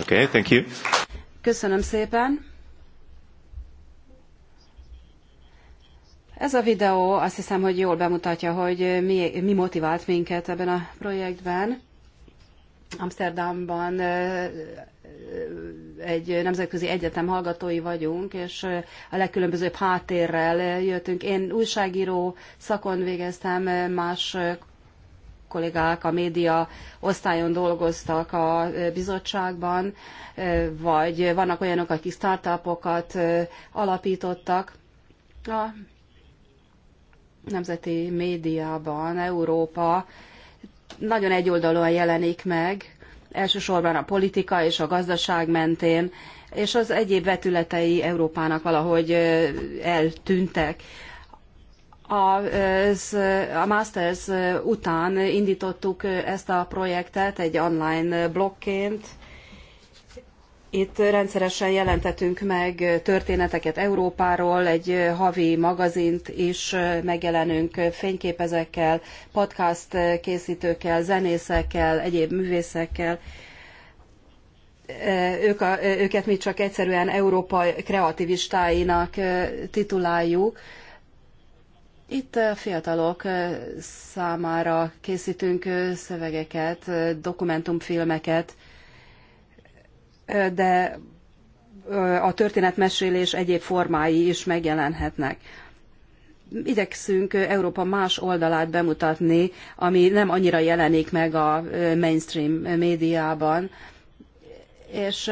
Okay, thank you. Köszönöm szépen. Ez a videó azt hiszem, hogy jól bemutatja, hogy mi, mi motivált minket ebben a projektben. Amsterdamban egy nemzetközi egyetem hallgatói vagyunk, és a legkülönbözőbb háttérrel jöttünk. Én újságíró szakon végeztem, más kollégák a média osztályon dolgoztak a bizottságban, vagy vannak olyanok, akik startupokat alapítottak. A nemzeti médiában Európa nagyon egyoldalúan jelenik meg, elsősorban a politika és a gazdaság mentén, és az egyéb vetületei Európának valahogy eltűntek. Az, a Masters után indítottuk ezt a projektet egy online blogként. Itt rendszeresen jelentetünk meg történeteket Európáról, egy havi magazint is megjelenünk fényképezekkel, podcast készítőkkel, zenészekkel, egyéb művészekkel. Ők a, őket mi csak egyszerűen Európa kreativistáinak tituláljuk itt fiatalok számára készítünk szövegeket, dokumentumfilmeket, de a történetmesélés egyéb formái is megjelenhetnek. Igyekszünk Európa más oldalát bemutatni, ami nem annyira jelenik meg a mainstream médiában, és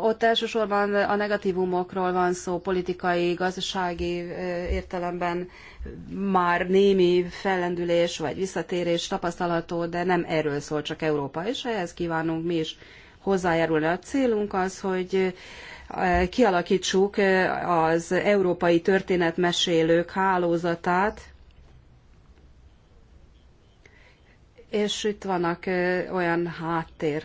ott elsősorban a negatívumokról van szó, politikai, gazdasági értelemben már némi fellendülés vagy visszatérés tapasztalható, de nem erről szól csak Európa, és ehhez kívánunk mi is hozzájárulni. A célunk az, hogy kialakítsuk az európai történetmesélők hálózatát, és itt vannak olyan háttér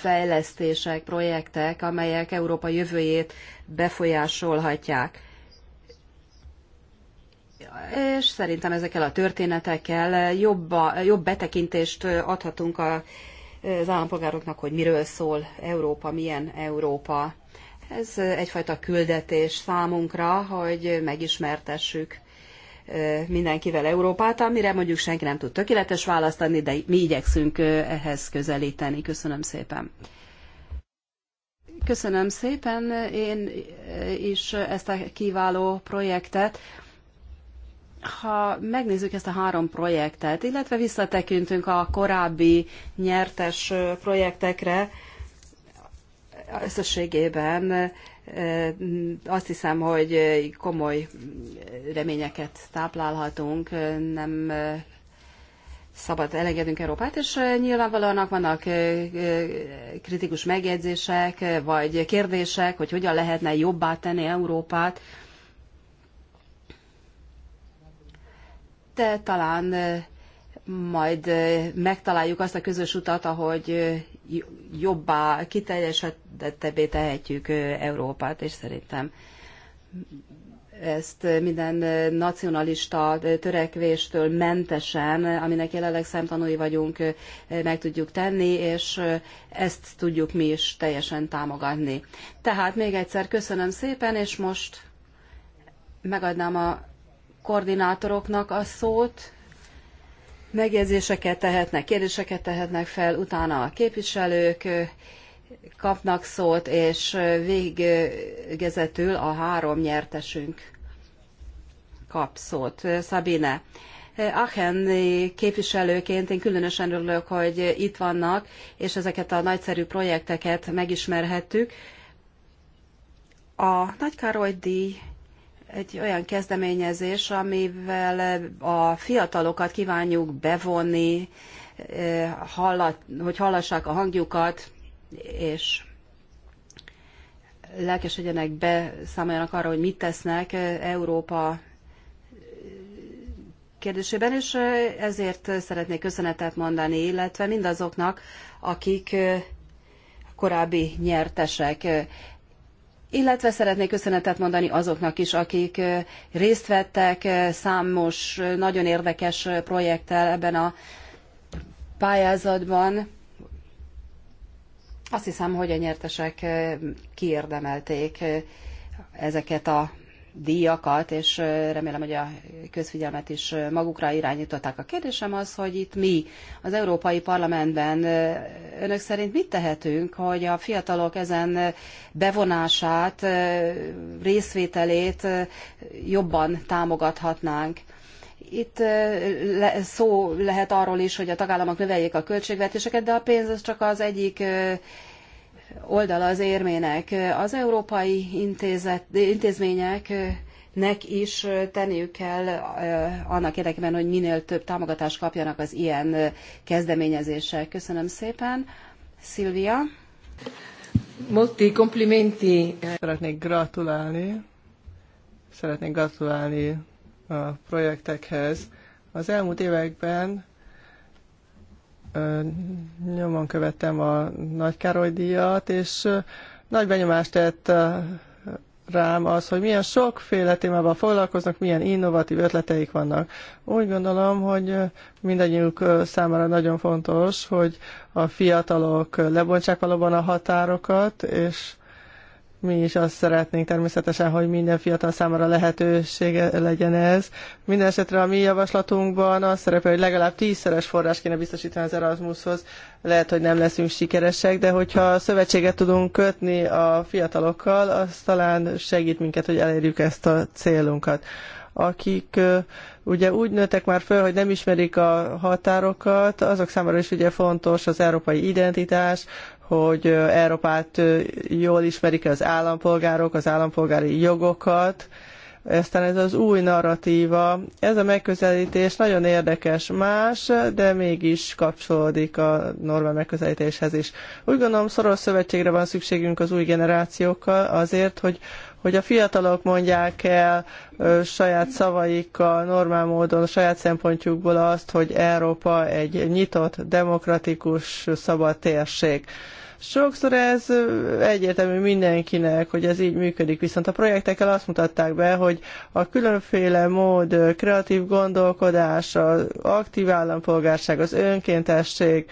fejlesztések, projektek, amelyek Európa jövőjét befolyásolhatják. És szerintem ezekkel a történetekkel jobb, jobb betekintést adhatunk a, az állampolgároknak, hogy miről szól Európa, milyen Európa. Ez egyfajta küldetés számunkra, hogy megismertessük mindenkivel Európát, amire mondjuk senki nem tud tökéletes választ adni, de mi igyekszünk ehhez közelíteni. Köszönöm szépen. Köszönöm szépen én is ezt a kiváló projektet. Ha megnézzük ezt a három projektet, illetve visszatekintünk a korábbi nyertes projektekre, összességében azt hiszem, hogy komoly reményeket táplálhatunk, nem szabad elengedünk Európát, és nyilvánvalóan vannak kritikus megjegyzések, vagy kérdések, hogy hogyan lehetne jobbá tenni Európát. De talán majd megtaláljuk azt a közös utat, ahogy jobbá, kiteljesedettebbé tehetjük Európát, és szerintem ezt minden nacionalista törekvéstől mentesen, aminek jelenleg szemtanúi vagyunk, meg tudjuk tenni, és ezt tudjuk mi is teljesen támogatni. Tehát még egyszer köszönöm szépen, és most megadnám a koordinátoroknak a szót, megjegyzéseket tehetnek, kérdéseket tehetnek fel, utána a képviselők kapnak szót, és végezetül a három nyertesünk kap szót. Szabine, Aachen képviselőként én különösen örülök, hogy itt vannak, és ezeket a nagyszerű projekteket megismerhettük. A Nagykároly díj egy olyan kezdeményezés, amivel a fiatalokat kívánjuk bevonni, eh, hogy hallassák a hangjukat, és lelkesedjenek be, számoljanak arra, hogy mit tesznek eh, Európa eh, kérdésében, és ezért szeretnék köszönetet mondani, illetve mindazoknak, akik korábbi nyertesek illetve szeretnék köszönetet mondani azoknak is, akik részt vettek számos nagyon érdekes projekttel ebben a pályázatban. Azt hiszem, hogy a nyertesek kiérdemelték ezeket a díjakat, és remélem, hogy a közfigyelmet is magukra irányították. A kérdésem az, hogy itt mi az Európai Parlamentben önök szerint mit tehetünk, hogy a fiatalok ezen bevonását, részvételét jobban támogathatnánk? Itt le, szó lehet arról is, hogy a tagállamok növeljék a költségvetéseket, de a pénz az csak az egyik oldala az érmének. Az európai intézet, intézményeknek is tenniük kell annak érdekében, hogy minél több támogatást kapjanak az ilyen kezdeményezések. Köszönöm szépen. Szilvia. Molti complimenti. Szeretnék gratulálni. Szeretnék gratulálni a projektekhez. Az elmúlt években nyomon követtem a Nagy Károly díjat, és nagy benyomást tett rám az, hogy milyen sokféle témával foglalkoznak, milyen innovatív ötleteik vannak. Úgy gondolom, hogy mindannyiuk számára nagyon fontos, hogy a fiatalok lebontsák valóban a határokat, és mi is azt szeretnénk természetesen, hogy minden fiatal számára lehetősége legyen ez. Mindenesetre a mi javaslatunkban az szerepel, hogy legalább tízszeres forrás kéne biztosítani az Erasmushoz. Lehet, hogy nem leszünk sikeresek, de hogyha szövetséget tudunk kötni a fiatalokkal, az talán segít minket, hogy elérjük ezt a célunkat akik ugye úgy nőttek már föl, hogy nem ismerik a határokat, azok számára is ugye fontos az európai identitás, hogy Európát jól ismerik az állampolgárok, az állampolgári jogokat, aztán ez az új narratíva, ez a megközelítés nagyon érdekes, más, de mégis kapcsolódik a normál megközelítéshez is. Úgy gondolom, szoros szövetségre van szükségünk az új generációkkal azért, hogy hogy a fiatalok mondják el ö, saját szavaikkal, normál módon, saját szempontjukból azt, hogy Európa egy nyitott, demokratikus, szabad térség. Sokszor ez egyértelmű mindenkinek, hogy ez így működik, viszont a projektekkel azt mutatták be, hogy a különféle mód, kreatív gondolkodás, az aktív állampolgárság, az önkéntesség,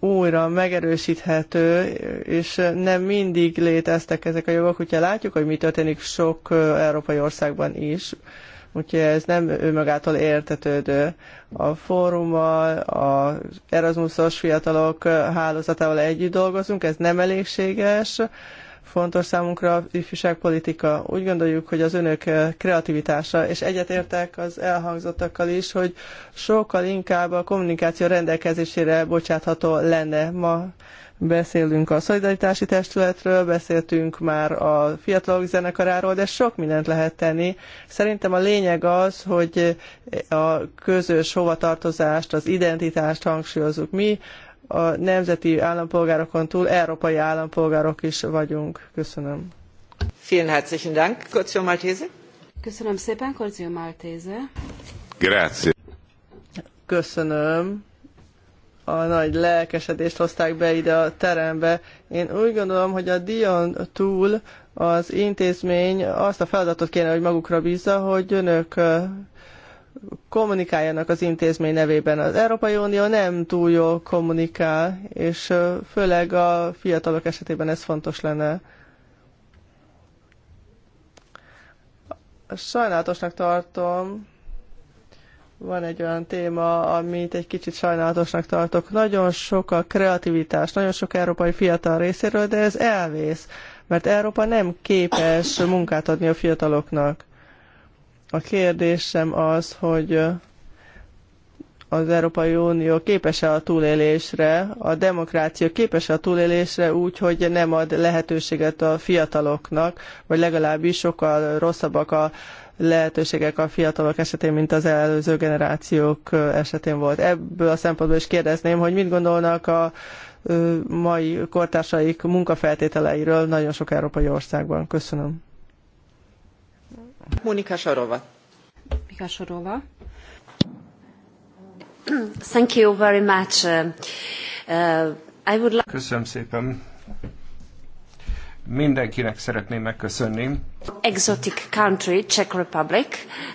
újra megerősíthető, és nem mindig léteztek ezek a jogok, hogyha látjuk, hogy mi történik sok európai országban is, úgyhogy ez nem ő magától értetődő. A fórummal, az Erasmusos fiatalok hálózatával együtt dolgozunk, ez nem elégséges, Fontos számunkra ifjúságpolitika. Úgy gondoljuk, hogy az önök eh, kreativitása, és egyetértek az elhangzottakkal is, hogy sokkal inkább a kommunikáció rendelkezésére bocsátható lenne. Ma beszélünk a szolidaritási testületről, beszéltünk már a fiatalok zenekaráról, de sok mindent lehet tenni. Szerintem a lényeg az, hogy a közös hovatartozást, az identitást hangsúlyozzuk mi, a nemzeti állampolgárokon túl európai állampolgárok is vagyunk. Köszönöm. Vielen herzlichen Dank, Curzio Maltese. Köszönöm szépen, Curzio Maltese. Grazie. Köszönöm. A nagy lelkesedést hozták be ide a terembe. Én úgy gondolom, hogy a Dion túl az intézmény azt a feladatot kéne, hogy magukra bízza, hogy önök kommunikáljanak az intézmény nevében. Az Európai Unió nem túl jól kommunikál, és főleg a fiatalok esetében ez fontos lenne. Sajnálatosnak tartom, van egy olyan téma, amit egy kicsit sajnálatosnak tartok. Nagyon sok a kreativitás, nagyon sok európai fiatal részéről, de ez elvész, mert Európa nem képes munkát adni a fiataloknak a kérdésem az, hogy az Európai Unió képes-e a túlélésre, a demokrácia képes-e a túlélésre úgy, hogy nem ad lehetőséget a fiataloknak, vagy legalábbis sokkal rosszabbak a lehetőségek a fiatalok esetén, mint az előző generációk esetén volt. Ebből a szempontból is kérdezném, hogy mit gondolnak a mai kortársaik munkafeltételeiről nagyon sok európai országban. Köszönöm. Thank you very much. Uh, uh, I would like... Köszönöm szépen. Mindenkinek szeretném megköszönni. Exotic country, Czech Republic.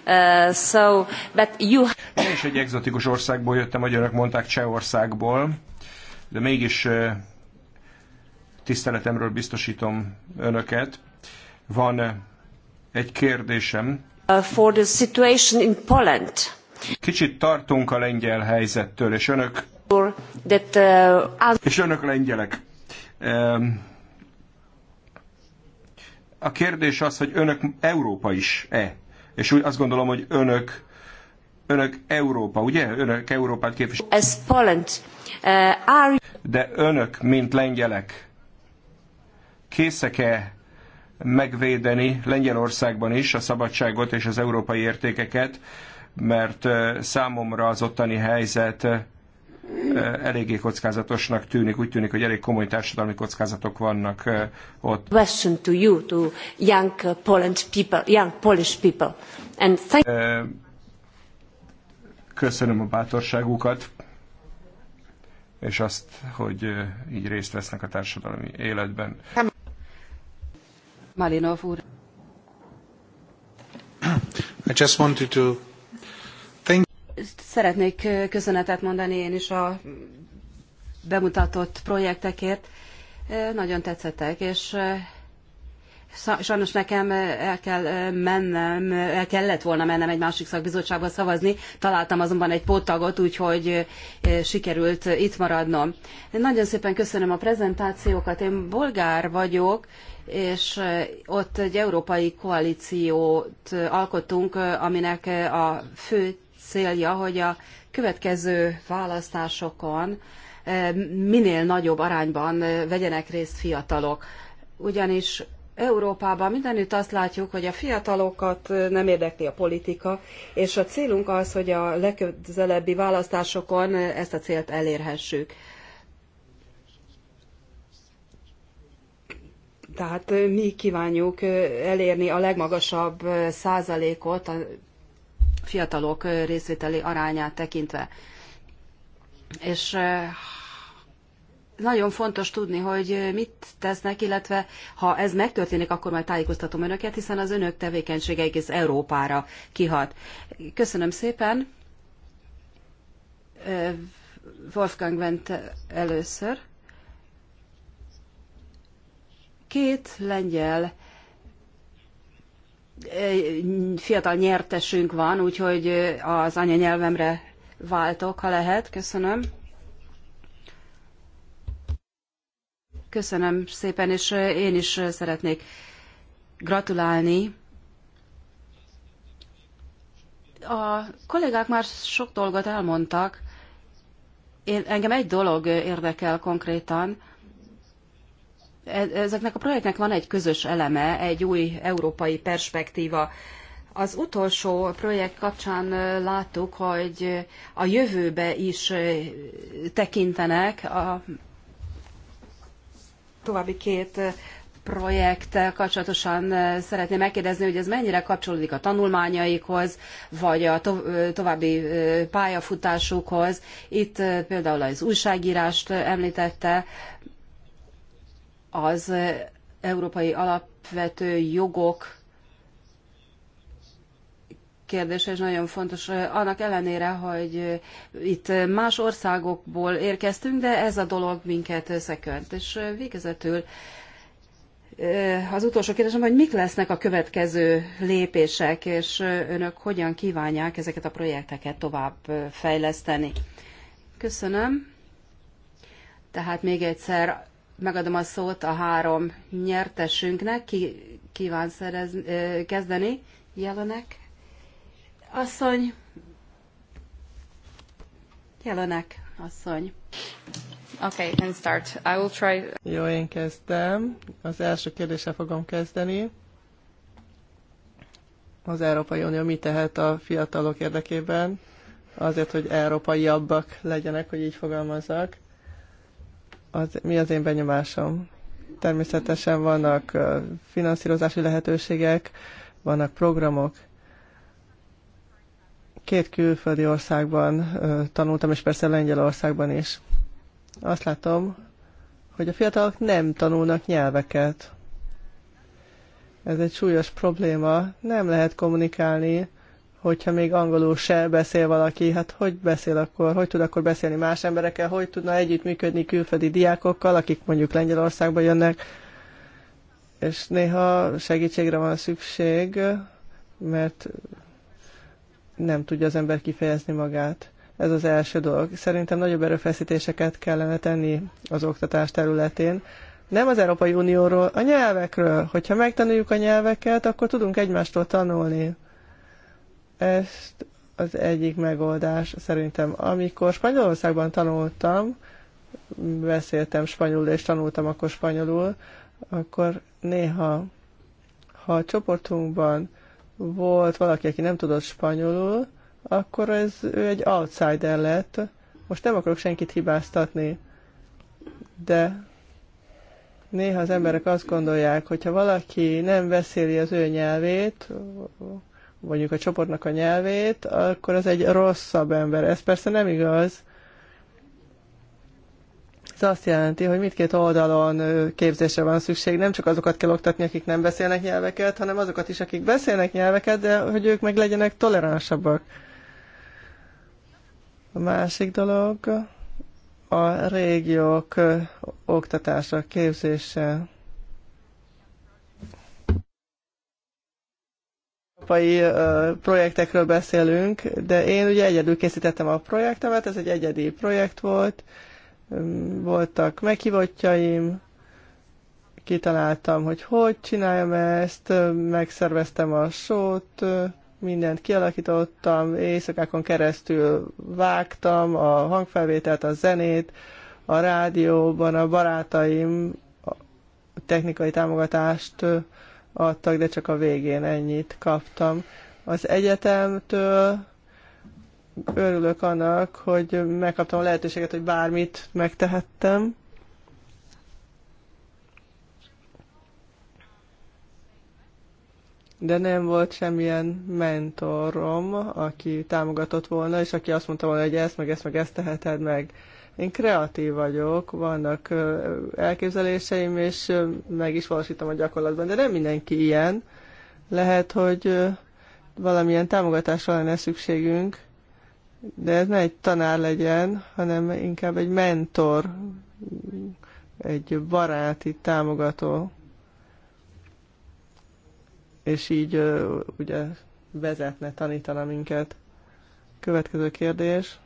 Uh, so, but you... Én is egy exotikus országból jöttem, hogy önök mondták Csehországból, de mégis uh, tiszteletemről biztosítom önöket. Van egy kérdésem. Uh, for the situation in Poland. Kicsit tartunk a lengyel helyzettől, és önök... That, uh, és önök lengyelek. Um, a kérdés az, hogy önök Európa is-e? És úgy azt gondolom, hogy önök önök Európa, ugye? Önök Európát képviselik. As Poland, uh, are... De önök, mint lengyelek, készek-e megvédeni Lengyelországban is a szabadságot és az európai értékeket, mert számomra az ottani helyzet eléggé kockázatosnak tűnik. Úgy tűnik, hogy elég komoly társadalmi kockázatok vannak ott. Question to you, to young Poland people, young Polish people. And thank Köszönöm a bátorságukat, és azt, hogy így részt vesznek a társadalmi életben. Malinov úr. I just wanted to thank... Szeretnék köszönetet mondani én is a bemutatott projektekért. Nagyon tetszettek, és sajnos nekem el kell mennem, el kellett volna mennem egy másik szakbizottságba szavazni, találtam azonban egy póttagot, úgyhogy sikerült itt maradnom. Nagyon szépen köszönöm a prezentációkat, én bolgár vagyok, és ott egy európai koalíciót alkottunk, aminek a fő célja, hogy a következő választásokon minél nagyobb arányban vegyenek részt fiatalok. Ugyanis Európában mindenütt azt látjuk, hogy a fiatalokat nem érdekli a politika, és a célunk az, hogy a legközelebbi választásokon ezt a célt elérhessük. Tehát mi kívánjuk elérni a legmagasabb százalékot a fiatalok részvételi arányát tekintve. És nagyon fontos tudni, hogy mit tesznek, illetve ha ez megtörténik, akkor majd tájékoztatom önöket, hiszen az önök tevékenysége egész Európára kihat. Köszönöm szépen. Wolfgang Wendt először. Két lengyel eh, fiatal nyertesünk van, úgyhogy eh, az anyanyelvemre váltok, ha lehet. Köszönöm. Köszönöm szépen, és eh, én is szeretnék gratulálni. A kollégák már sok dolgot elmondtak. Én, engem egy dolog érdekel konkrétan, E, ezeknek a projektnek van egy közös eleme, egy új európai perspektíva. Az utolsó projekt kapcsán láttuk, hogy a jövőbe is tekintenek a további két projekt kapcsolatosan szeretném megkérdezni, hogy ez mennyire kapcsolódik a tanulmányaikhoz, vagy a további pályafutásukhoz. Itt például az újságírást említette, az európai alapvető jogok kérdése is nagyon fontos, annak ellenére, hogy itt más országokból érkeztünk, de ez a dolog minket összekönt. És végezetül eh, az utolsó kérdésem, hogy mik lesznek a következő lépések, és önök hogyan kívánják ezeket a projekteket tovább fejleszteni. Köszönöm. Tehát még egyszer megadom a szót a három nyertesünknek. Ki kíván szerez, kezdeni? Jelenek. Asszony. Jelenek, asszony. Okay, can start. I will try. Jó, én kezdtem. Az első kérdéssel fogom kezdeni. Az Európai Unió mit tehet a fiatalok érdekében? Azért, hogy európaiabbak legyenek, hogy így fogalmazzak az, mi az én benyomásom? Természetesen vannak finanszírozási lehetőségek, vannak programok. Két külföldi országban tanultam, és persze Lengyelországban is. Azt látom, hogy a fiatalok nem tanulnak nyelveket. Ez egy súlyos probléma, nem lehet kommunikálni hogyha még angolul se beszél valaki, hát hogy beszél akkor, hogy tud akkor beszélni más emberekkel, hogy tudna együttműködni külföldi diákokkal, akik mondjuk Lengyelországba jönnek, és néha segítségre van szükség, mert nem tudja az ember kifejezni magát. Ez az első dolog. Szerintem nagyobb erőfeszítéseket kellene tenni az oktatás területén. Nem az Európai Unióról, a nyelvekről. Hogyha megtanuljuk a nyelveket, akkor tudunk egymástól tanulni ezt az egyik megoldás szerintem. Amikor Spanyolországban tanultam, beszéltem spanyolul, és tanultam akkor spanyolul, akkor néha, ha a csoportunkban volt valaki, aki nem tudott spanyolul, akkor ez ő egy outsider lett. Most nem akarok senkit hibáztatni, de néha az emberek azt gondolják, hogyha valaki nem beszéli az ő nyelvét, mondjuk a csoportnak a nyelvét, akkor az egy rosszabb ember. Ez persze nem igaz. Ez azt jelenti, hogy mindkét oldalon képzésre van szükség. Nem csak azokat kell oktatni, akik nem beszélnek nyelveket, hanem azokat is, akik beszélnek nyelveket, de hogy ők meg legyenek toleránsabbak. A másik dolog a régiók oktatása, képzése. európai projektekről beszélünk, de én ugye egyedül készítettem a projektemet, ez egy egyedi projekt volt, voltak meghívottjaim, kitaláltam, hogy hogy csináljam ezt, megszerveztem a sót, mindent kialakítottam, éjszakákon keresztül vágtam a hangfelvételt, a zenét, a rádióban a barátaim a technikai támogatást adtak, de csak a végén ennyit kaptam. Az egyetemtől örülök annak, hogy megkaptam a lehetőséget, hogy bármit megtehettem. De nem volt semmilyen mentorom, aki támogatott volna, és aki azt mondta volna, hogy ezt, meg ezt, meg ezt teheted meg én kreatív vagyok, vannak elképzeléseim, és meg is valósítom a gyakorlatban, de nem mindenki ilyen. Lehet, hogy valamilyen támogatásra lenne szükségünk, de ez ne egy tanár legyen, hanem inkább egy mentor, egy baráti támogató, és így ugye vezetne, tanítana minket. Következő kérdés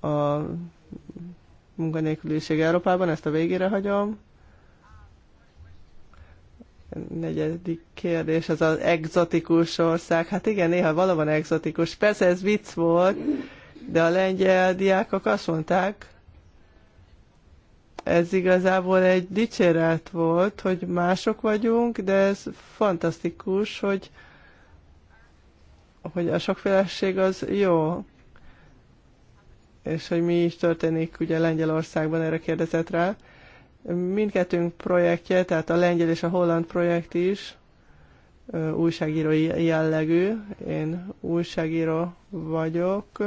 a munkanélküliség Európában, ezt a végére hagyom. Negyedik kérdés, az az egzotikus ország. Hát igen, néha valóban egzotikus. Persze ez vicc volt, de a lengyel diákok azt mondták, ez igazából egy dicséret volt, hogy mások vagyunk, de ez fantasztikus, hogy, hogy a sokféleség az jó és hogy mi is történik ugye Lengyelországban, erre kérdezett rá. Mindkettőnk projektje, tehát a lengyel és a holland projekt is újságírói jellegű. Én újságíró vagyok.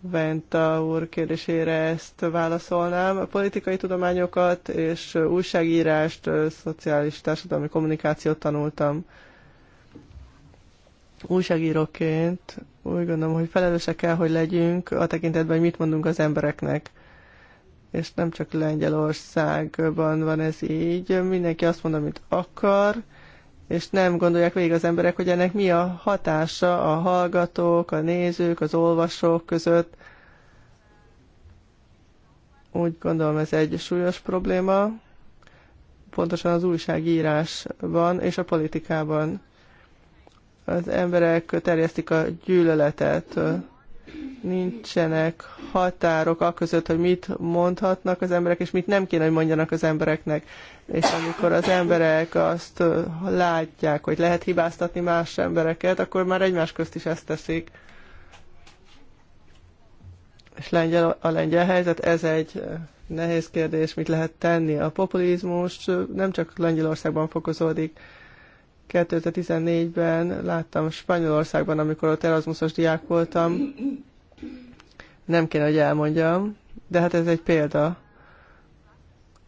Venta úr kérdésére ezt válaszolnám. A politikai tudományokat és újságírást, szociális társadalmi kommunikációt tanultam újságíróként úgy gondolom, hogy felelősek kell, hogy legyünk a tekintetben, hogy mit mondunk az embereknek. És nem csak Lengyelországban van ez így, mindenki azt mond, amit akar, és nem gondolják végig az emberek, hogy ennek mi a hatása a hallgatók, a nézők, az olvasók között. Úgy gondolom, ez egy súlyos probléma, pontosan az újságírásban és a politikában az emberek terjesztik a gyűlöletet, nincsenek határok a között, hogy mit mondhatnak az emberek, és mit nem kéne, hogy mondjanak az embereknek. És amikor az emberek azt látják, hogy lehet hibáztatni más embereket, akkor már egymás közt is ezt teszik. És lengyel, a lengyel helyzet, ez egy nehéz kérdés, mit lehet tenni. A populizmus nem csak Lengyelországban fokozódik, 2014-ben láttam Spanyolországban, amikor ott Erasmusos diák voltam. Nem kéne, hogy elmondjam, de hát ez egy példa.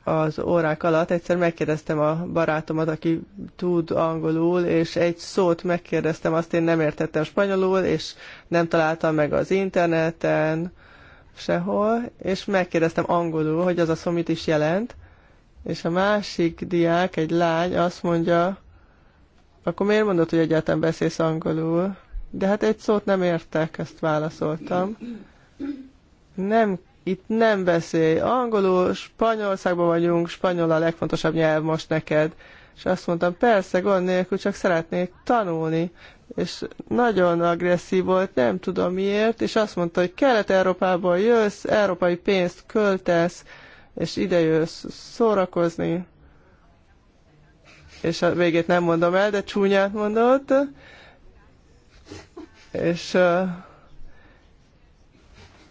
Az órák alatt egyszer megkérdeztem a barátomat, aki tud angolul, és egy szót megkérdeztem, azt én nem értettem spanyolul, és nem találtam meg az interneten, sehol, és megkérdeztem angolul, hogy az a szó mit is jelent, és a másik diák, egy lány azt mondja, akkor miért mondod, hogy egyáltalán beszélsz angolul? De hát egy szót nem értek, ezt válaszoltam. Nem, itt nem beszélj angolul, Spanyolországban vagyunk, spanyol a legfontosabb nyelv most neked. És azt mondtam, persze, gond nélkül, csak szeretnék tanulni. És nagyon agresszív volt, nem tudom miért, és azt mondta, hogy Kelet-Európából jössz, európai pénzt költesz, és ide jössz szórakozni és a végét nem mondom el, de csúnyát mondott, és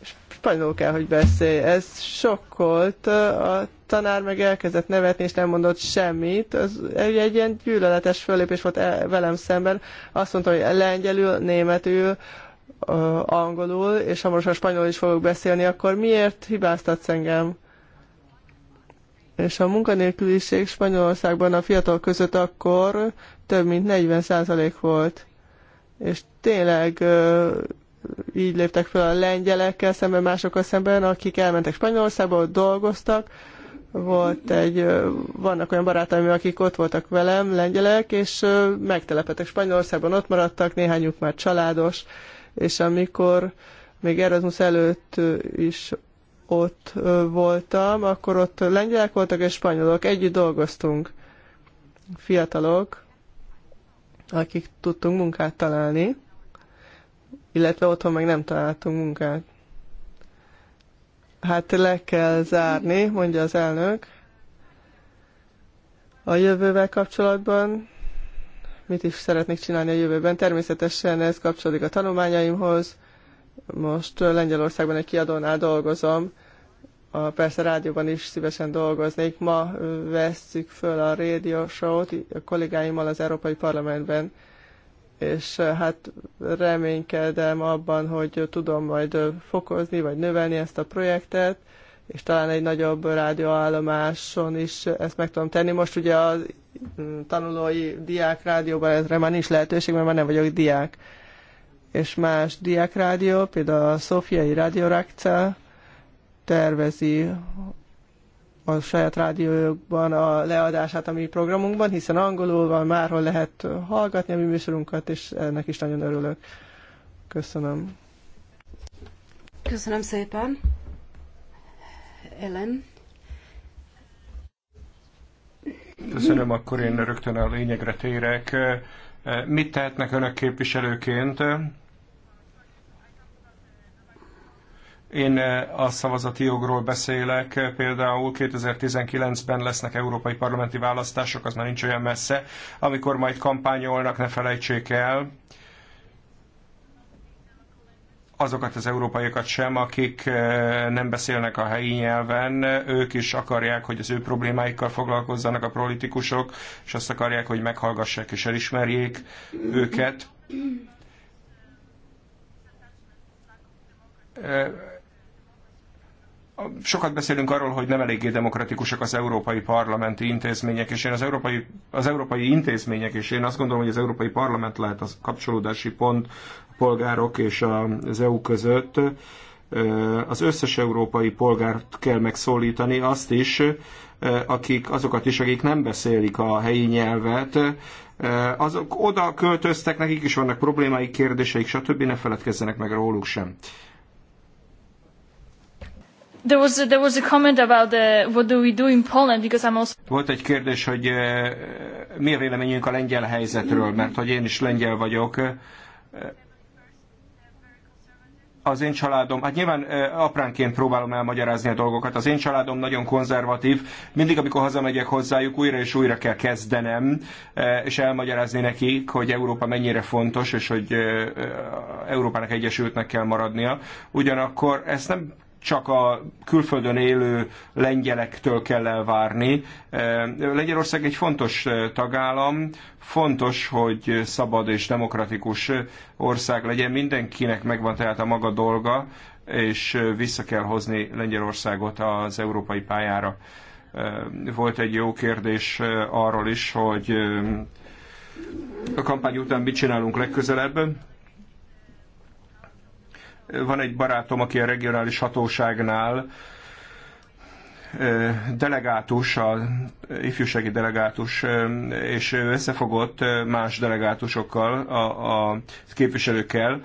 és spanyolul kell, hogy beszélj. Ez sokkolt, a tanár meg elkezdett nevetni, és nem mondott semmit. Ez egy ilyen gyűlöletes fölépés volt e, velem szemben. Azt mondta, hogy lengyelül, németül, angolul, és hamarosan spanyolul is fogok beszélni, akkor miért hibáztatsz engem? és a munkanélküliség Spanyolországban a fiatal között akkor több mint 40 százalék volt. És tényleg így léptek fel a lengyelekkel szemben, másokkal szemben, akik elmentek Spanyolországba, ott dolgoztak. Volt egy, vannak olyan barátaim, akik ott voltak velem, lengyelek, és megtelepettek Spanyolországban, ott maradtak, néhányuk már családos, és amikor még Erasmus előtt is ott voltam, akkor ott lengyelek voltak és spanyolok, együtt dolgoztunk. Fiatalok, akik tudtunk munkát találni, illetve otthon meg nem találtunk munkát. Hát le kell zárni, mondja az elnök. A jövővel kapcsolatban mit is szeretnék csinálni a jövőben. Természetesen ez kapcsolódik a tanulmányaimhoz, most Lengyelországban egy kiadónál dolgozom, a, persze rádióban is szívesen dolgoznék. Ma vesszük föl a rádió show-t a kollégáimmal az Európai Parlamentben, és hát reménykedem abban, hogy tudom majd fokozni, vagy növelni ezt a projektet, és talán egy nagyobb rádióállomáson is ezt meg tudom tenni. Most ugye a tanulói diák rádióban ezre már nincs lehetőség, mert már nem vagyok diák és más diákrádió, például a Szofiai Rádió Rakca tervezi a saját rádiójukban a leadását a mi programunkban, hiszen angolul van, márhol lehet hallgatni a mi műsorunkat, és ennek is nagyon örülök. Köszönöm. Köszönöm szépen. Ellen. Köszönöm, akkor én rögtön a lényegre térek. Mit tehetnek önök képviselőként? Én eh, a szavazati jogról beszélek, például 2019-ben lesznek európai parlamenti választások, az már nincs olyan messze, amikor majd kampányolnak, ne felejtsék el azokat az európaiakat sem, akik eh, nem beszélnek a helyi nyelven, ők is akarják, hogy az ő problémáikkal foglalkozzanak a politikusok, és azt akarják, hogy meghallgassák és elismerjék őket eh, sokat beszélünk arról, hogy nem eléggé demokratikusak az európai parlamenti intézmények, és én az európai, az európai intézmények, és én azt gondolom, hogy az európai parlament lehet az kapcsolódási pont a polgárok és az EU között. Az összes európai polgárt kell megszólítani, azt is, akik, azokat is, akik nem beszélik a helyi nyelvet, azok oda költöztek, nekik is vannak problémáik, kérdéseik, stb. ne feledkezzenek meg róluk sem. There was, there was a comment about the, what do we do in Poland, because I'm also... Volt egy kérdés, hogy mi a véleményünk a lengyel helyzetről, mert hogy én is lengyel vagyok. Az én családom, hát nyilván apránként próbálom elmagyarázni a dolgokat, az én családom nagyon konzervatív, mindig amikor hazamegyek hozzájuk, újra és újra kell kezdenem, és elmagyarázni nekik, hogy Európa mennyire fontos, és hogy Európának egyesültnek kell maradnia. Ugyanakkor ezt nem csak a külföldön élő lengyelektől kell elvárni. Lengyelország egy fontos tagállam, fontos, hogy szabad és demokratikus ország legyen, mindenkinek megvan tehát a maga dolga, és vissza kell hozni Lengyelországot az európai pályára. Volt egy jó kérdés arról is, hogy a kampány után mit csinálunk legközelebb van egy barátom, aki a regionális hatóságnál delegátus, a ifjúsági delegátus, és összefogott más delegátusokkal, a, a képviselőkkel,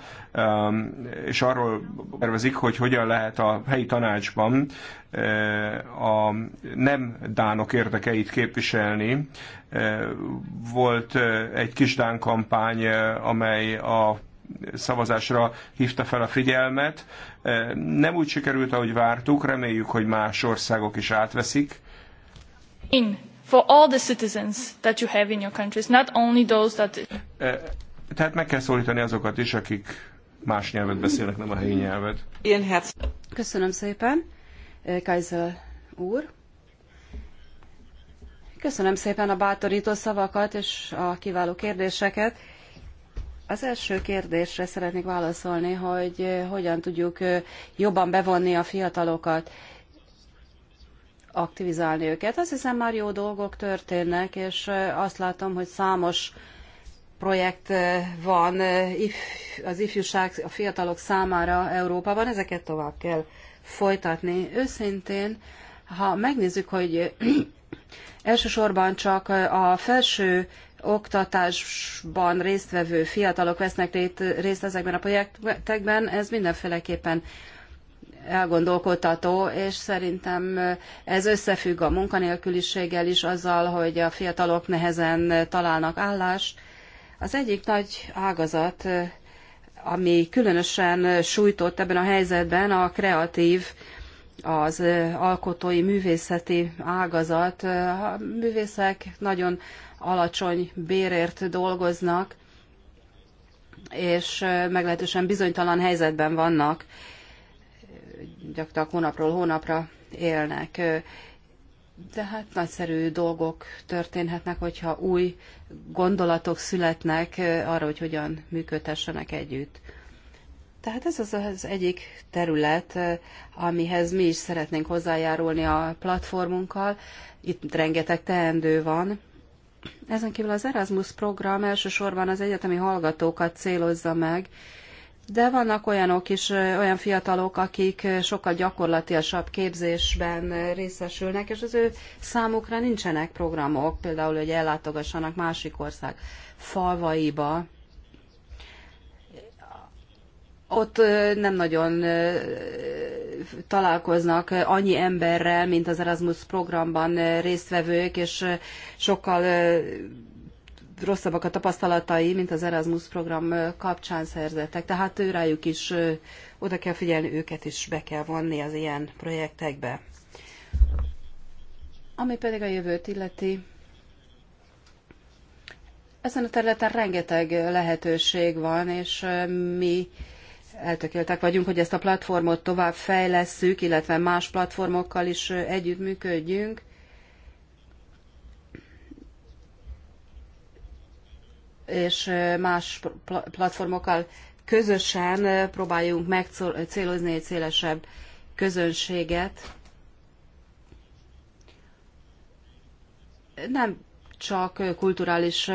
és arról tervezik, hogy hogyan lehet a helyi tanácsban a nem dánok érdekeit képviselni. Volt egy kis dán kampány, amely a szavazásra hívta fel a figyelmet. E, nem úgy sikerült, ahogy vártuk, reméljük, hogy más országok is átveszik. In for all the citizens that you have in your countries, not only those that... E, tehát meg kell szólítani azokat is, akik más nyelvet beszélnek, nem a helyi nyelvet. Ilyen hát. Köszönöm szépen, e, Kaiser úr. Köszönöm szépen a bátorító szavakat és a kiváló kérdéseket. Az első kérdésre szeretnék válaszolni, hogy eh, hogyan tudjuk eh, jobban bevonni a fiatalokat, aktivizálni őket. Azt hiszem már jó dolgok történnek, és eh, azt látom, hogy számos projekt van az ifjúság a fiatalok számára Európában, ezeket tovább kell folytatni. Őszintén, ha megnézzük, hogy elsősorban csak a felső oktatásban résztvevő fiatalok vesznek részt ezekben a projektekben, ez mindenféleképpen elgondolkodtató, és szerintem ez összefügg a munkanélküliséggel is, azzal, hogy a fiatalok nehezen találnak állást. Az egyik nagy ágazat, ami különösen sújtott ebben a helyzetben, a kreatív, az alkotói művészeti ágazat. A művészek nagyon alacsony bérért dolgoznak, és meglehetősen bizonytalan helyzetben vannak, gyakran hónapról hónapra élnek. De hát nagyszerű dolgok történhetnek, hogyha új gondolatok születnek arra, hogy hogyan működhessenek együtt. Tehát ez az az egyik terület, amihez mi is szeretnénk hozzájárulni a platformunkkal. Itt rengeteg teendő van, ezen kívül az Erasmus program elsősorban az egyetemi hallgatókat célozza meg, de vannak olyanok is, olyan fiatalok, akik sokkal gyakorlatilasabb képzésben részesülnek, és az ő számukra nincsenek programok, például, hogy ellátogassanak másik ország falvaiba. Ott nem nagyon találkoznak annyi emberrel, mint az Erasmus programban résztvevők, és sokkal rosszabbak a tapasztalatai, mint az Erasmus program kapcsán szerzettek. Tehát rájuk is oda kell figyelni, őket is be kell vonni az ilyen projektekbe. Ami pedig a jövőt illeti, ezen a területen rengeteg lehetőség van, és mi eltökéltek vagyunk, hogy ezt a platformot tovább fejlesszük, illetve más platformokkal is együttműködjünk. és más platformokkal közösen próbáljunk megcélozni egy szélesebb közönséget. Nem csak kulturális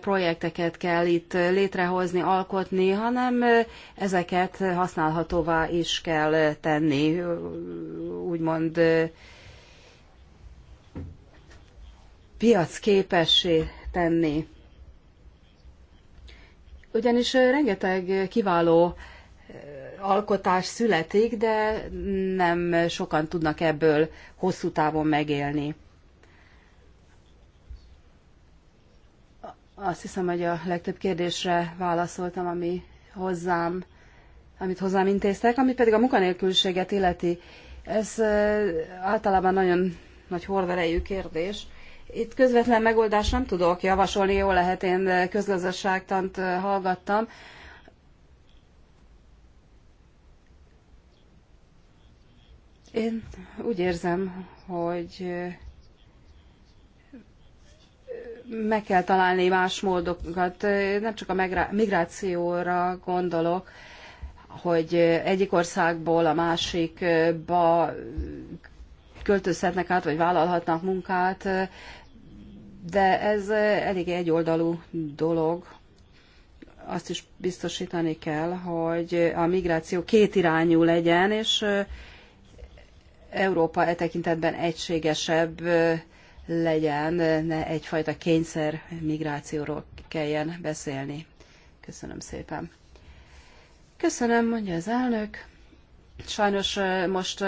projekteket kell itt létrehozni, alkotni, hanem ezeket használhatóvá is kell tenni, úgymond piacképessé tenni. Ugyanis rengeteg kiváló eh, alkotás születik, de nem sokan tudnak ebből hosszú távon megélni. Azt hiszem, hogy a legtöbb kérdésre válaszoltam, ami hozzám, amit hozzám intéztek, amit pedig a munkanélküliséget illeti. Ez általában nagyon nagy horderejű kérdés. Itt közvetlen megoldást nem tudok javasolni, jó lehet, én közgazdaságtant hallgattam. Én úgy érzem, hogy meg kell találni más módokat, nem csak a migrációra gondolok, hogy egyik országból a másikba költözhetnek át, vagy vállalhatnak munkát, de ez elég egyoldalú dolog. Azt is biztosítani kell, hogy a migráció kétirányú legyen, és Európa e tekintetben egységesebb legyen, ne egyfajta kényszer migrációról kelljen beszélni. Köszönöm szépen. Köszönöm, mondja az elnök. Sajnos most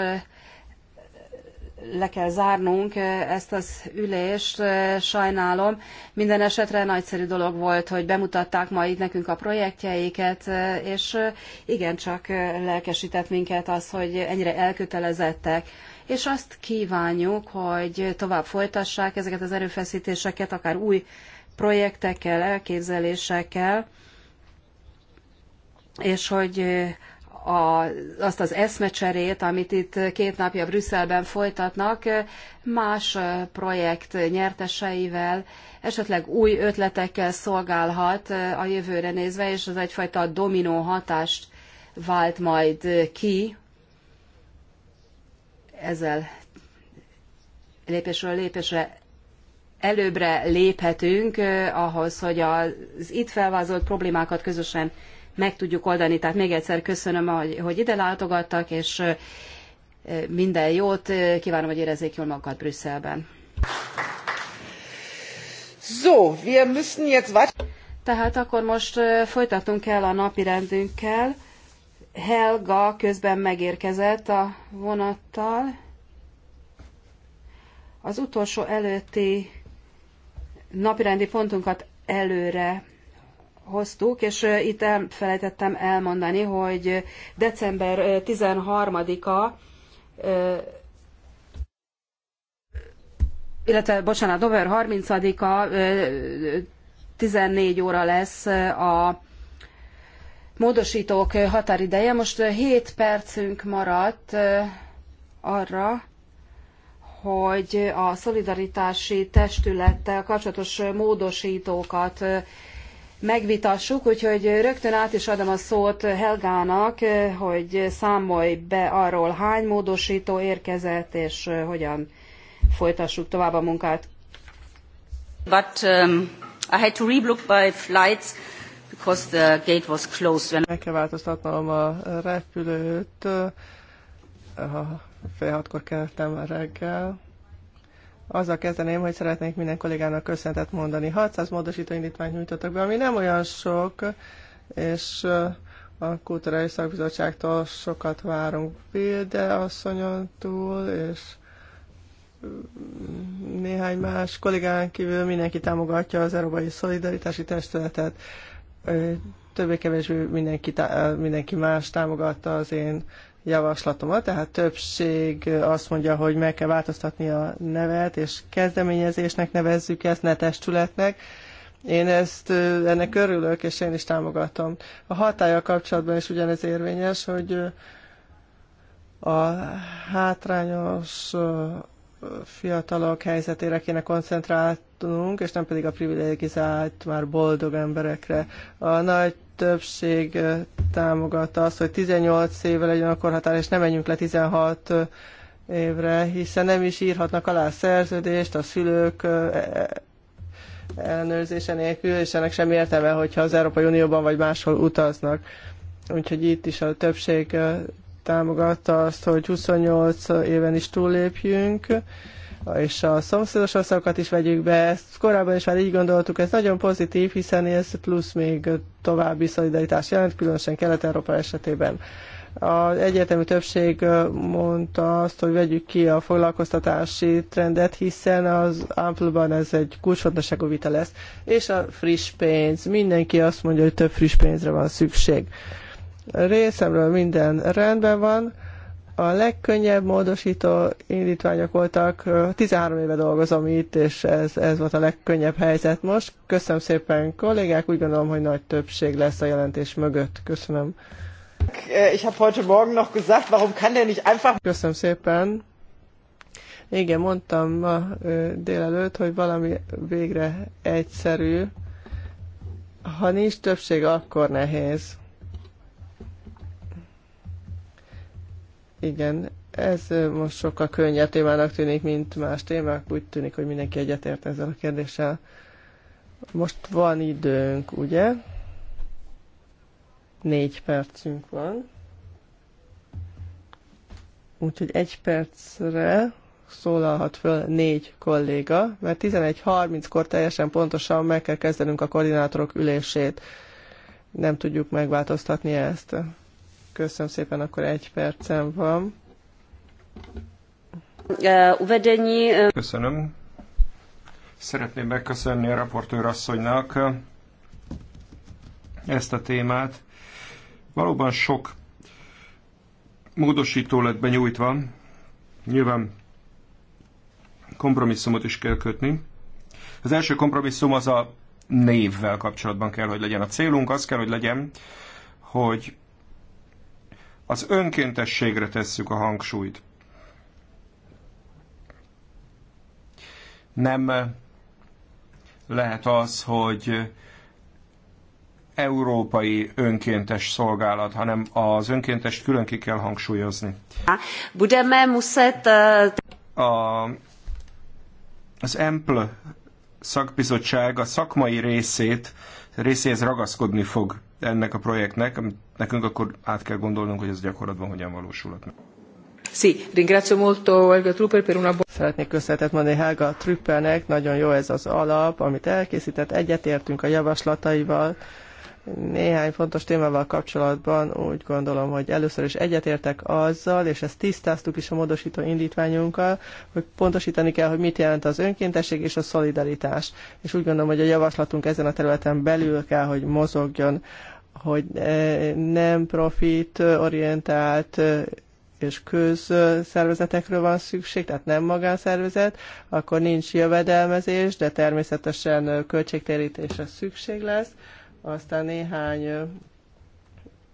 le kell zárnunk ezt az ülést, sajnálom. Minden esetre nagyszerű dolog volt, hogy bemutatták ma itt nekünk a projektjeiket, és igencsak lelkesített minket az, hogy ennyire elkötelezettek és azt kívánjuk, hogy tovább folytassák ezeket az erőfeszítéseket, akár új projektekkel, elképzelésekkel, és hogy a, azt az eszmecserét, amit itt két napja Brüsszelben folytatnak, más projekt nyerteseivel, esetleg új ötletekkel szolgálhat a jövőre nézve, és az egyfajta dominó hatást vált majd ki, ezzel lépésről lépésre előbbre léphetünk ahhoz, hogy az itt felvázolt problémákat közösen meg tudjuk oldani. Tehát még egyszer köszönöm, hogy ide látogattak, és minden jót, kívánom, hogy érezzék jól magukat Brüsszelben. So, wir müssen jetzt Tehát akkor most folytatunk el a rendünkkel. Helga közben megérkezett a vonattal. Az utolsó előtti napirendi pontunkat előre hoztuk, és itt elfelejtettem elmondani, hogy december 13-a, illetve bocsánat, november 30-a 14 óra lesz a módostók határideje. Most 7 percünk maradt arra, hogy a szolidaritási testülettel kapcsolatos módosítókat megvitassuk, úgyhogy rögtön át is adom a szót Helgának, hogy számolj be arról, hány módosító érkezett, és hogyan folytassuk tovább a munkát. But um, I had to re-book by flights because the gate was closed. When... Meg kell változtatnom a repülőt, Aha, fél hatkor keltem reggel. Azzal kezdeném, hogy szeretnék minden kollégának köszöntet mondani. 600 módosító indítványt nyújtottak be, ami nem olyan sok, és uh, a Kultúrai Szakbizottságtól sokat várunk Vilde asszonyon túl, és uh, néhány más kollégán kívül mindenki támogatja az Európai Szolidaritási Testületet többé-kevésbé mindenki, mindenki más támogatta az én javaslatomat, tehát többség azt mondja, hogy meg kell változtatni a nevet, és kezdeményezésnek nevezzük ezt, ne testületnek. Én ezt ennek örülök, és én is támogatom. A hatája kapcsolatban is ugyanez érvényes, hogy a hátrányos fiatalok helyzetére kéne koncentrálnunk, és nem pedig a privilegizált, már boldog emberekre. A nagy többség támogatta azt, hogy 18 évvel legyen a korhatár, és nem menjünk le 16 évre, hiszen nem is írhatnak alá szerződést a szülők e, e, ellenőrzése nélkül, és ennek sem értelme, hogyha az Európai Unióban vagy máshol utaznak. Úgyhogy itt is a többség támogatta azt, hogy 28 éven is túllépjünk, és a szomszédos országokat is vegyük be. Ezt korábban is már így gondoltuk, ez nagyon pozitív, hiszen ez plusz még további szolidaritás jelent, különösen Kelet-Európa esetében. Az egyetemi többség mondta azt, hogy vegyük ki a foglalkoztatási trendet, hiszen az ample ez egy kulcsfontosságú vita lesz. És a friss pénz. Mindenki azt mondja, hogy több friss pénzre van szükség. Részemről minden rendben van. A legkönnyebb módosító indítványok voltak. 13 éve dolgozom itt, és ez, ez volt a legkönnyebb helyzet most. Köszönöm szépen, kollégák. Úgy gondolom, hogy nagy többség lesz a jelentés mögött. Köszönöm. Äh, ich habe heute Morgen noch gesagt, warum kann der nicht einfach... Köszönöm szépen. Igen, mondtam ma délelőtt, hogy valami végre egyszerű. Ha nincs többség, akkor nehéz. Igen, ez most sokkal könnyebb témának tűnik, mint más témák. Úgy tűnik, hogy mindenki egyetért ezzel a kérdéssel. Most van időnk, ugye? Négy percünk van. Úgyhogy egy percre szólalhat föl négy kolléga, mert 11.30-kor teljesen pontosan meg kell kezdenünk a koordinátorok ülését. Nem tudjuk megváltoztatni ezt. Köszönöm szépen, akkor egy percem van. Uvedení. Köszönöm. Szeretném megköszönni a raportőr asszonynak ezt a témát. Valóban sok módosító lett benyújtva. Nyilván kompromisszumot is kell kötni. Az első kompromisszum az a névvel kapcsolatban kell, hogy legyen. A célunk az kell, hogy legyen, hogy az önkéntességre tesszük a hangsúlyt. Nem lehet az, hogy európai önkéntes szolgálat, hanem az önkéntest külön ki kell hangsúlyozni. Budeme muset... Eh, a, az EMPL szakbizottság a szakmai részét, részéhez ragaszkodni fog ennek a projektnek, amit nekünk akkor át kell gondolnunk, hogy ez gyakorlatban hogyan valósulhat meg. Sí, ringrazio molto Helga Trupper per una Szeretnék köszönetet mondani Helga Truppernek, nagyon jó ez az alap, amit elkészített, egyetértünk a javaslataival, néhány fontos témával kapcsolatban úgy gondolom, hogy először is egyetértek azzal, és ezt tisztáztuk is a módosító indítványunkkal, hogy pontosítani kell, hogy mit jelent az önkéntesség és a szolidaritás. És úgy gondolom, hogy a javaslatunk ezen a területen belül kell, hogy mozogjon, hogy eh, nem profit orientált eh, és közszervezetekről van szükség, tehát nem magánszervezet, akkor nincs jövedelmezés, de természetesen eh, költségtérítésre szükség lesz aztán néhány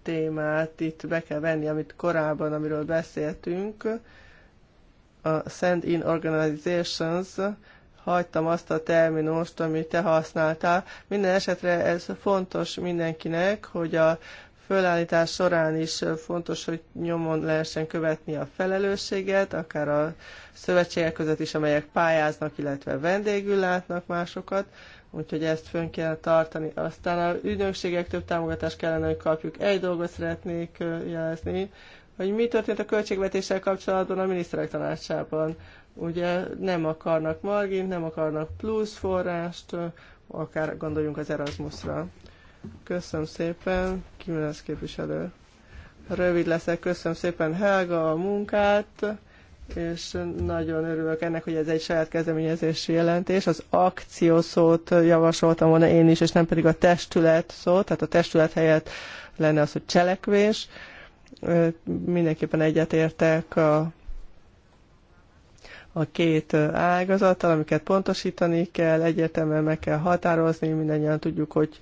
témát itt be kell venni, amit korábban, amiről beszéltünk. A Send in Organizations, hagytam azt a terminust, amit te használtál. Minden esetre ez fontos mindenkinek, hogy a fölállítás során is fontos, hogy nyomon lehessen követni a felelősséget, akár a szövetségek között is, amelyek pályáznak, illetve vendégül látnak másokat úgyhogy ezt fönn kell tartani. Aztán a ügynökségek több támogatást kellene, hogy kapjuk. Egy dolgot szeretnék jelezni, hogy mi történt a költségvetéssel kapcsolatban a miniszterek tanácsában. Ugye nem akarnak margint, nem akarnak plusz forrást, akár gondoljunk az Erasmusra. Köszönöm szépen, Kimenez képviselő. Rövid leszek, köszönöm szépen Helga a munkát és nagyon örülök ennek, hogy ez egy saját kezdeményezési jelentés. Az akció szót javasoltam volna én is, és nem pedig a testület szót, tehát a testület helyett lenne az, hogy cselekvés. Mindenképpen egyetértek a, a két ágazattal, amiket pontosítani kell, egyértelműen meg kell határozni, mindannyian tudjuk, hogy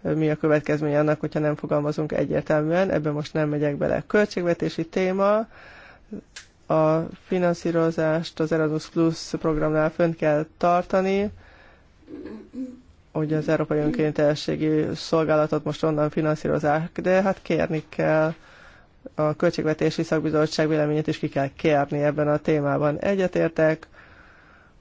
mi a következménye annak, hogyha nem fogalmazunk egyértelműen. Ebben most nem megyek bele. Költségvetési téma, a finanszírozást az Erasmus Plus programnál fönt kell tartani, hogy az Európai önkéntelenségi Szolgálatot most onnan finanszírozák, de hát kérni kell a Költségvetési Szakbizottság véleményét is ki kell kérni ebben a témában. Egyetértek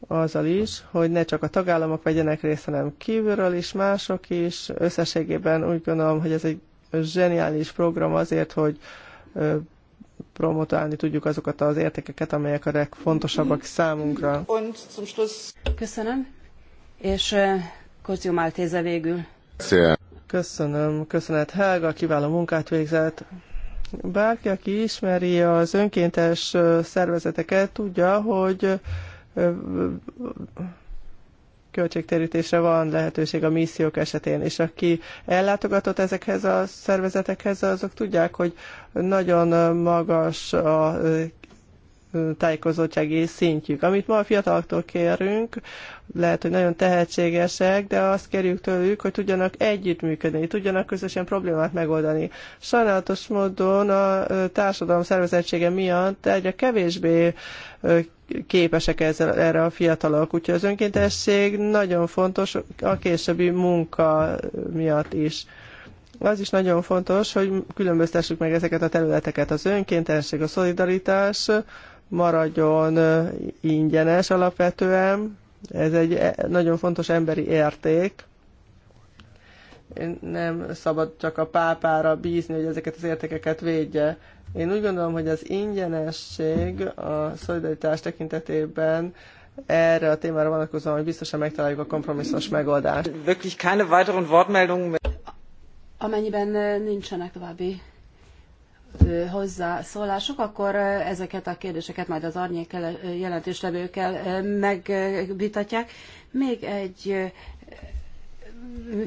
azzal is, hogy ne csak a tagállamok vegyenek részt, hanem kívülről is, mások is. Összességében úgy gondolom, hogy ez egy zseniális program azért, hogy promotálni tudjuk azokat az értékeket, amelyek a legfontosabbak számunkra. Köszönöm. És Kozio Máltéze végül. Köszönöm, köszönet Helga, kiváló munkát végzett. Bárki, aki ismeri az önkéntes szervezeteket, tudja, hogy költségtérítésre van lehetőség a missziók esetén, és aki ellátogatott ezekhez a szervezetekhez, azok tudják, hogy nagyon magas a tájékozottsági szintjük. Amit ma a fiataloktól kérünk, lehet, hogy nagyon tehetségesek, de azt kérjük tőlük, hogy tudjanak együttműködni, tudjanak közösen problémát megoldani. Sajnálatos módon a társadalom szervezettsége miatt egyre kevésbé képesek ezzel, erre a fiatalok. Úgyhogy az önkéntesség nagyon fontos a későbbi munka miatt is az is nagyon fontos, hogy különböztessük meg ezeket a területeket. Az önkéntesség, a szolidaritás maradjon ingyenes alapvetően. Ez egy e, nagyon fontos emberi érték. Nem szabad csak a pápára bízni, hogy ezeket az értékeket védje. Én úgy gondolom, hogy az ingyenesség a szolidaritás tekintetében erre a témára vonatkozóan, hogy biztosan megtaláljuk a kompromisszos megoldást. Wirklich keine weiteren Wortmeldungen Amennyiben nincsenek további hozzászólások, akkor ezeket a kérdéseket majd az arnyék jelentéstevőkkel megvitatják. Még egy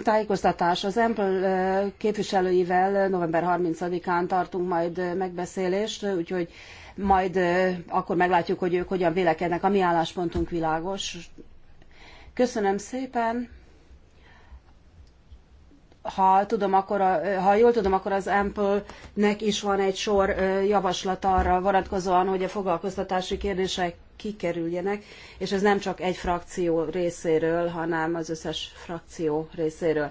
tájékoztatás. Az Ample képviselőivel november 30-án tartunk majd megbeszélést, úgyhogy majd akkor meglátjuk, hogy ők hogyan vélekednek. A mi álláspontunk világos. Köszönöm szépen! ha, tudom, akkor a, ha jól tudom, akkor az Ample-nek is van egy sor javaslat arra vonatkozóan, hogy a foglalkoztatási kérdések kikerüljenek, és ez nem csak egy frakció részéről, hanem az összes frakció részéről.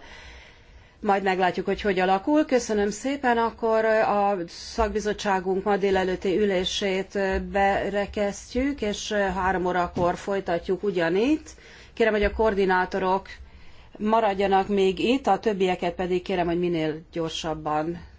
Majd meglátjuk, hogy hogy alakul. Köszönöm szépen, akkor a szakbizottságunk ma délelőtti ülését berekeztjük, és három órakor folytatjuk ugyanitt. Kérem, hogy a koordinátorok maradjanak még itt, a többieket pedig kérem, hogy minél gyorsabban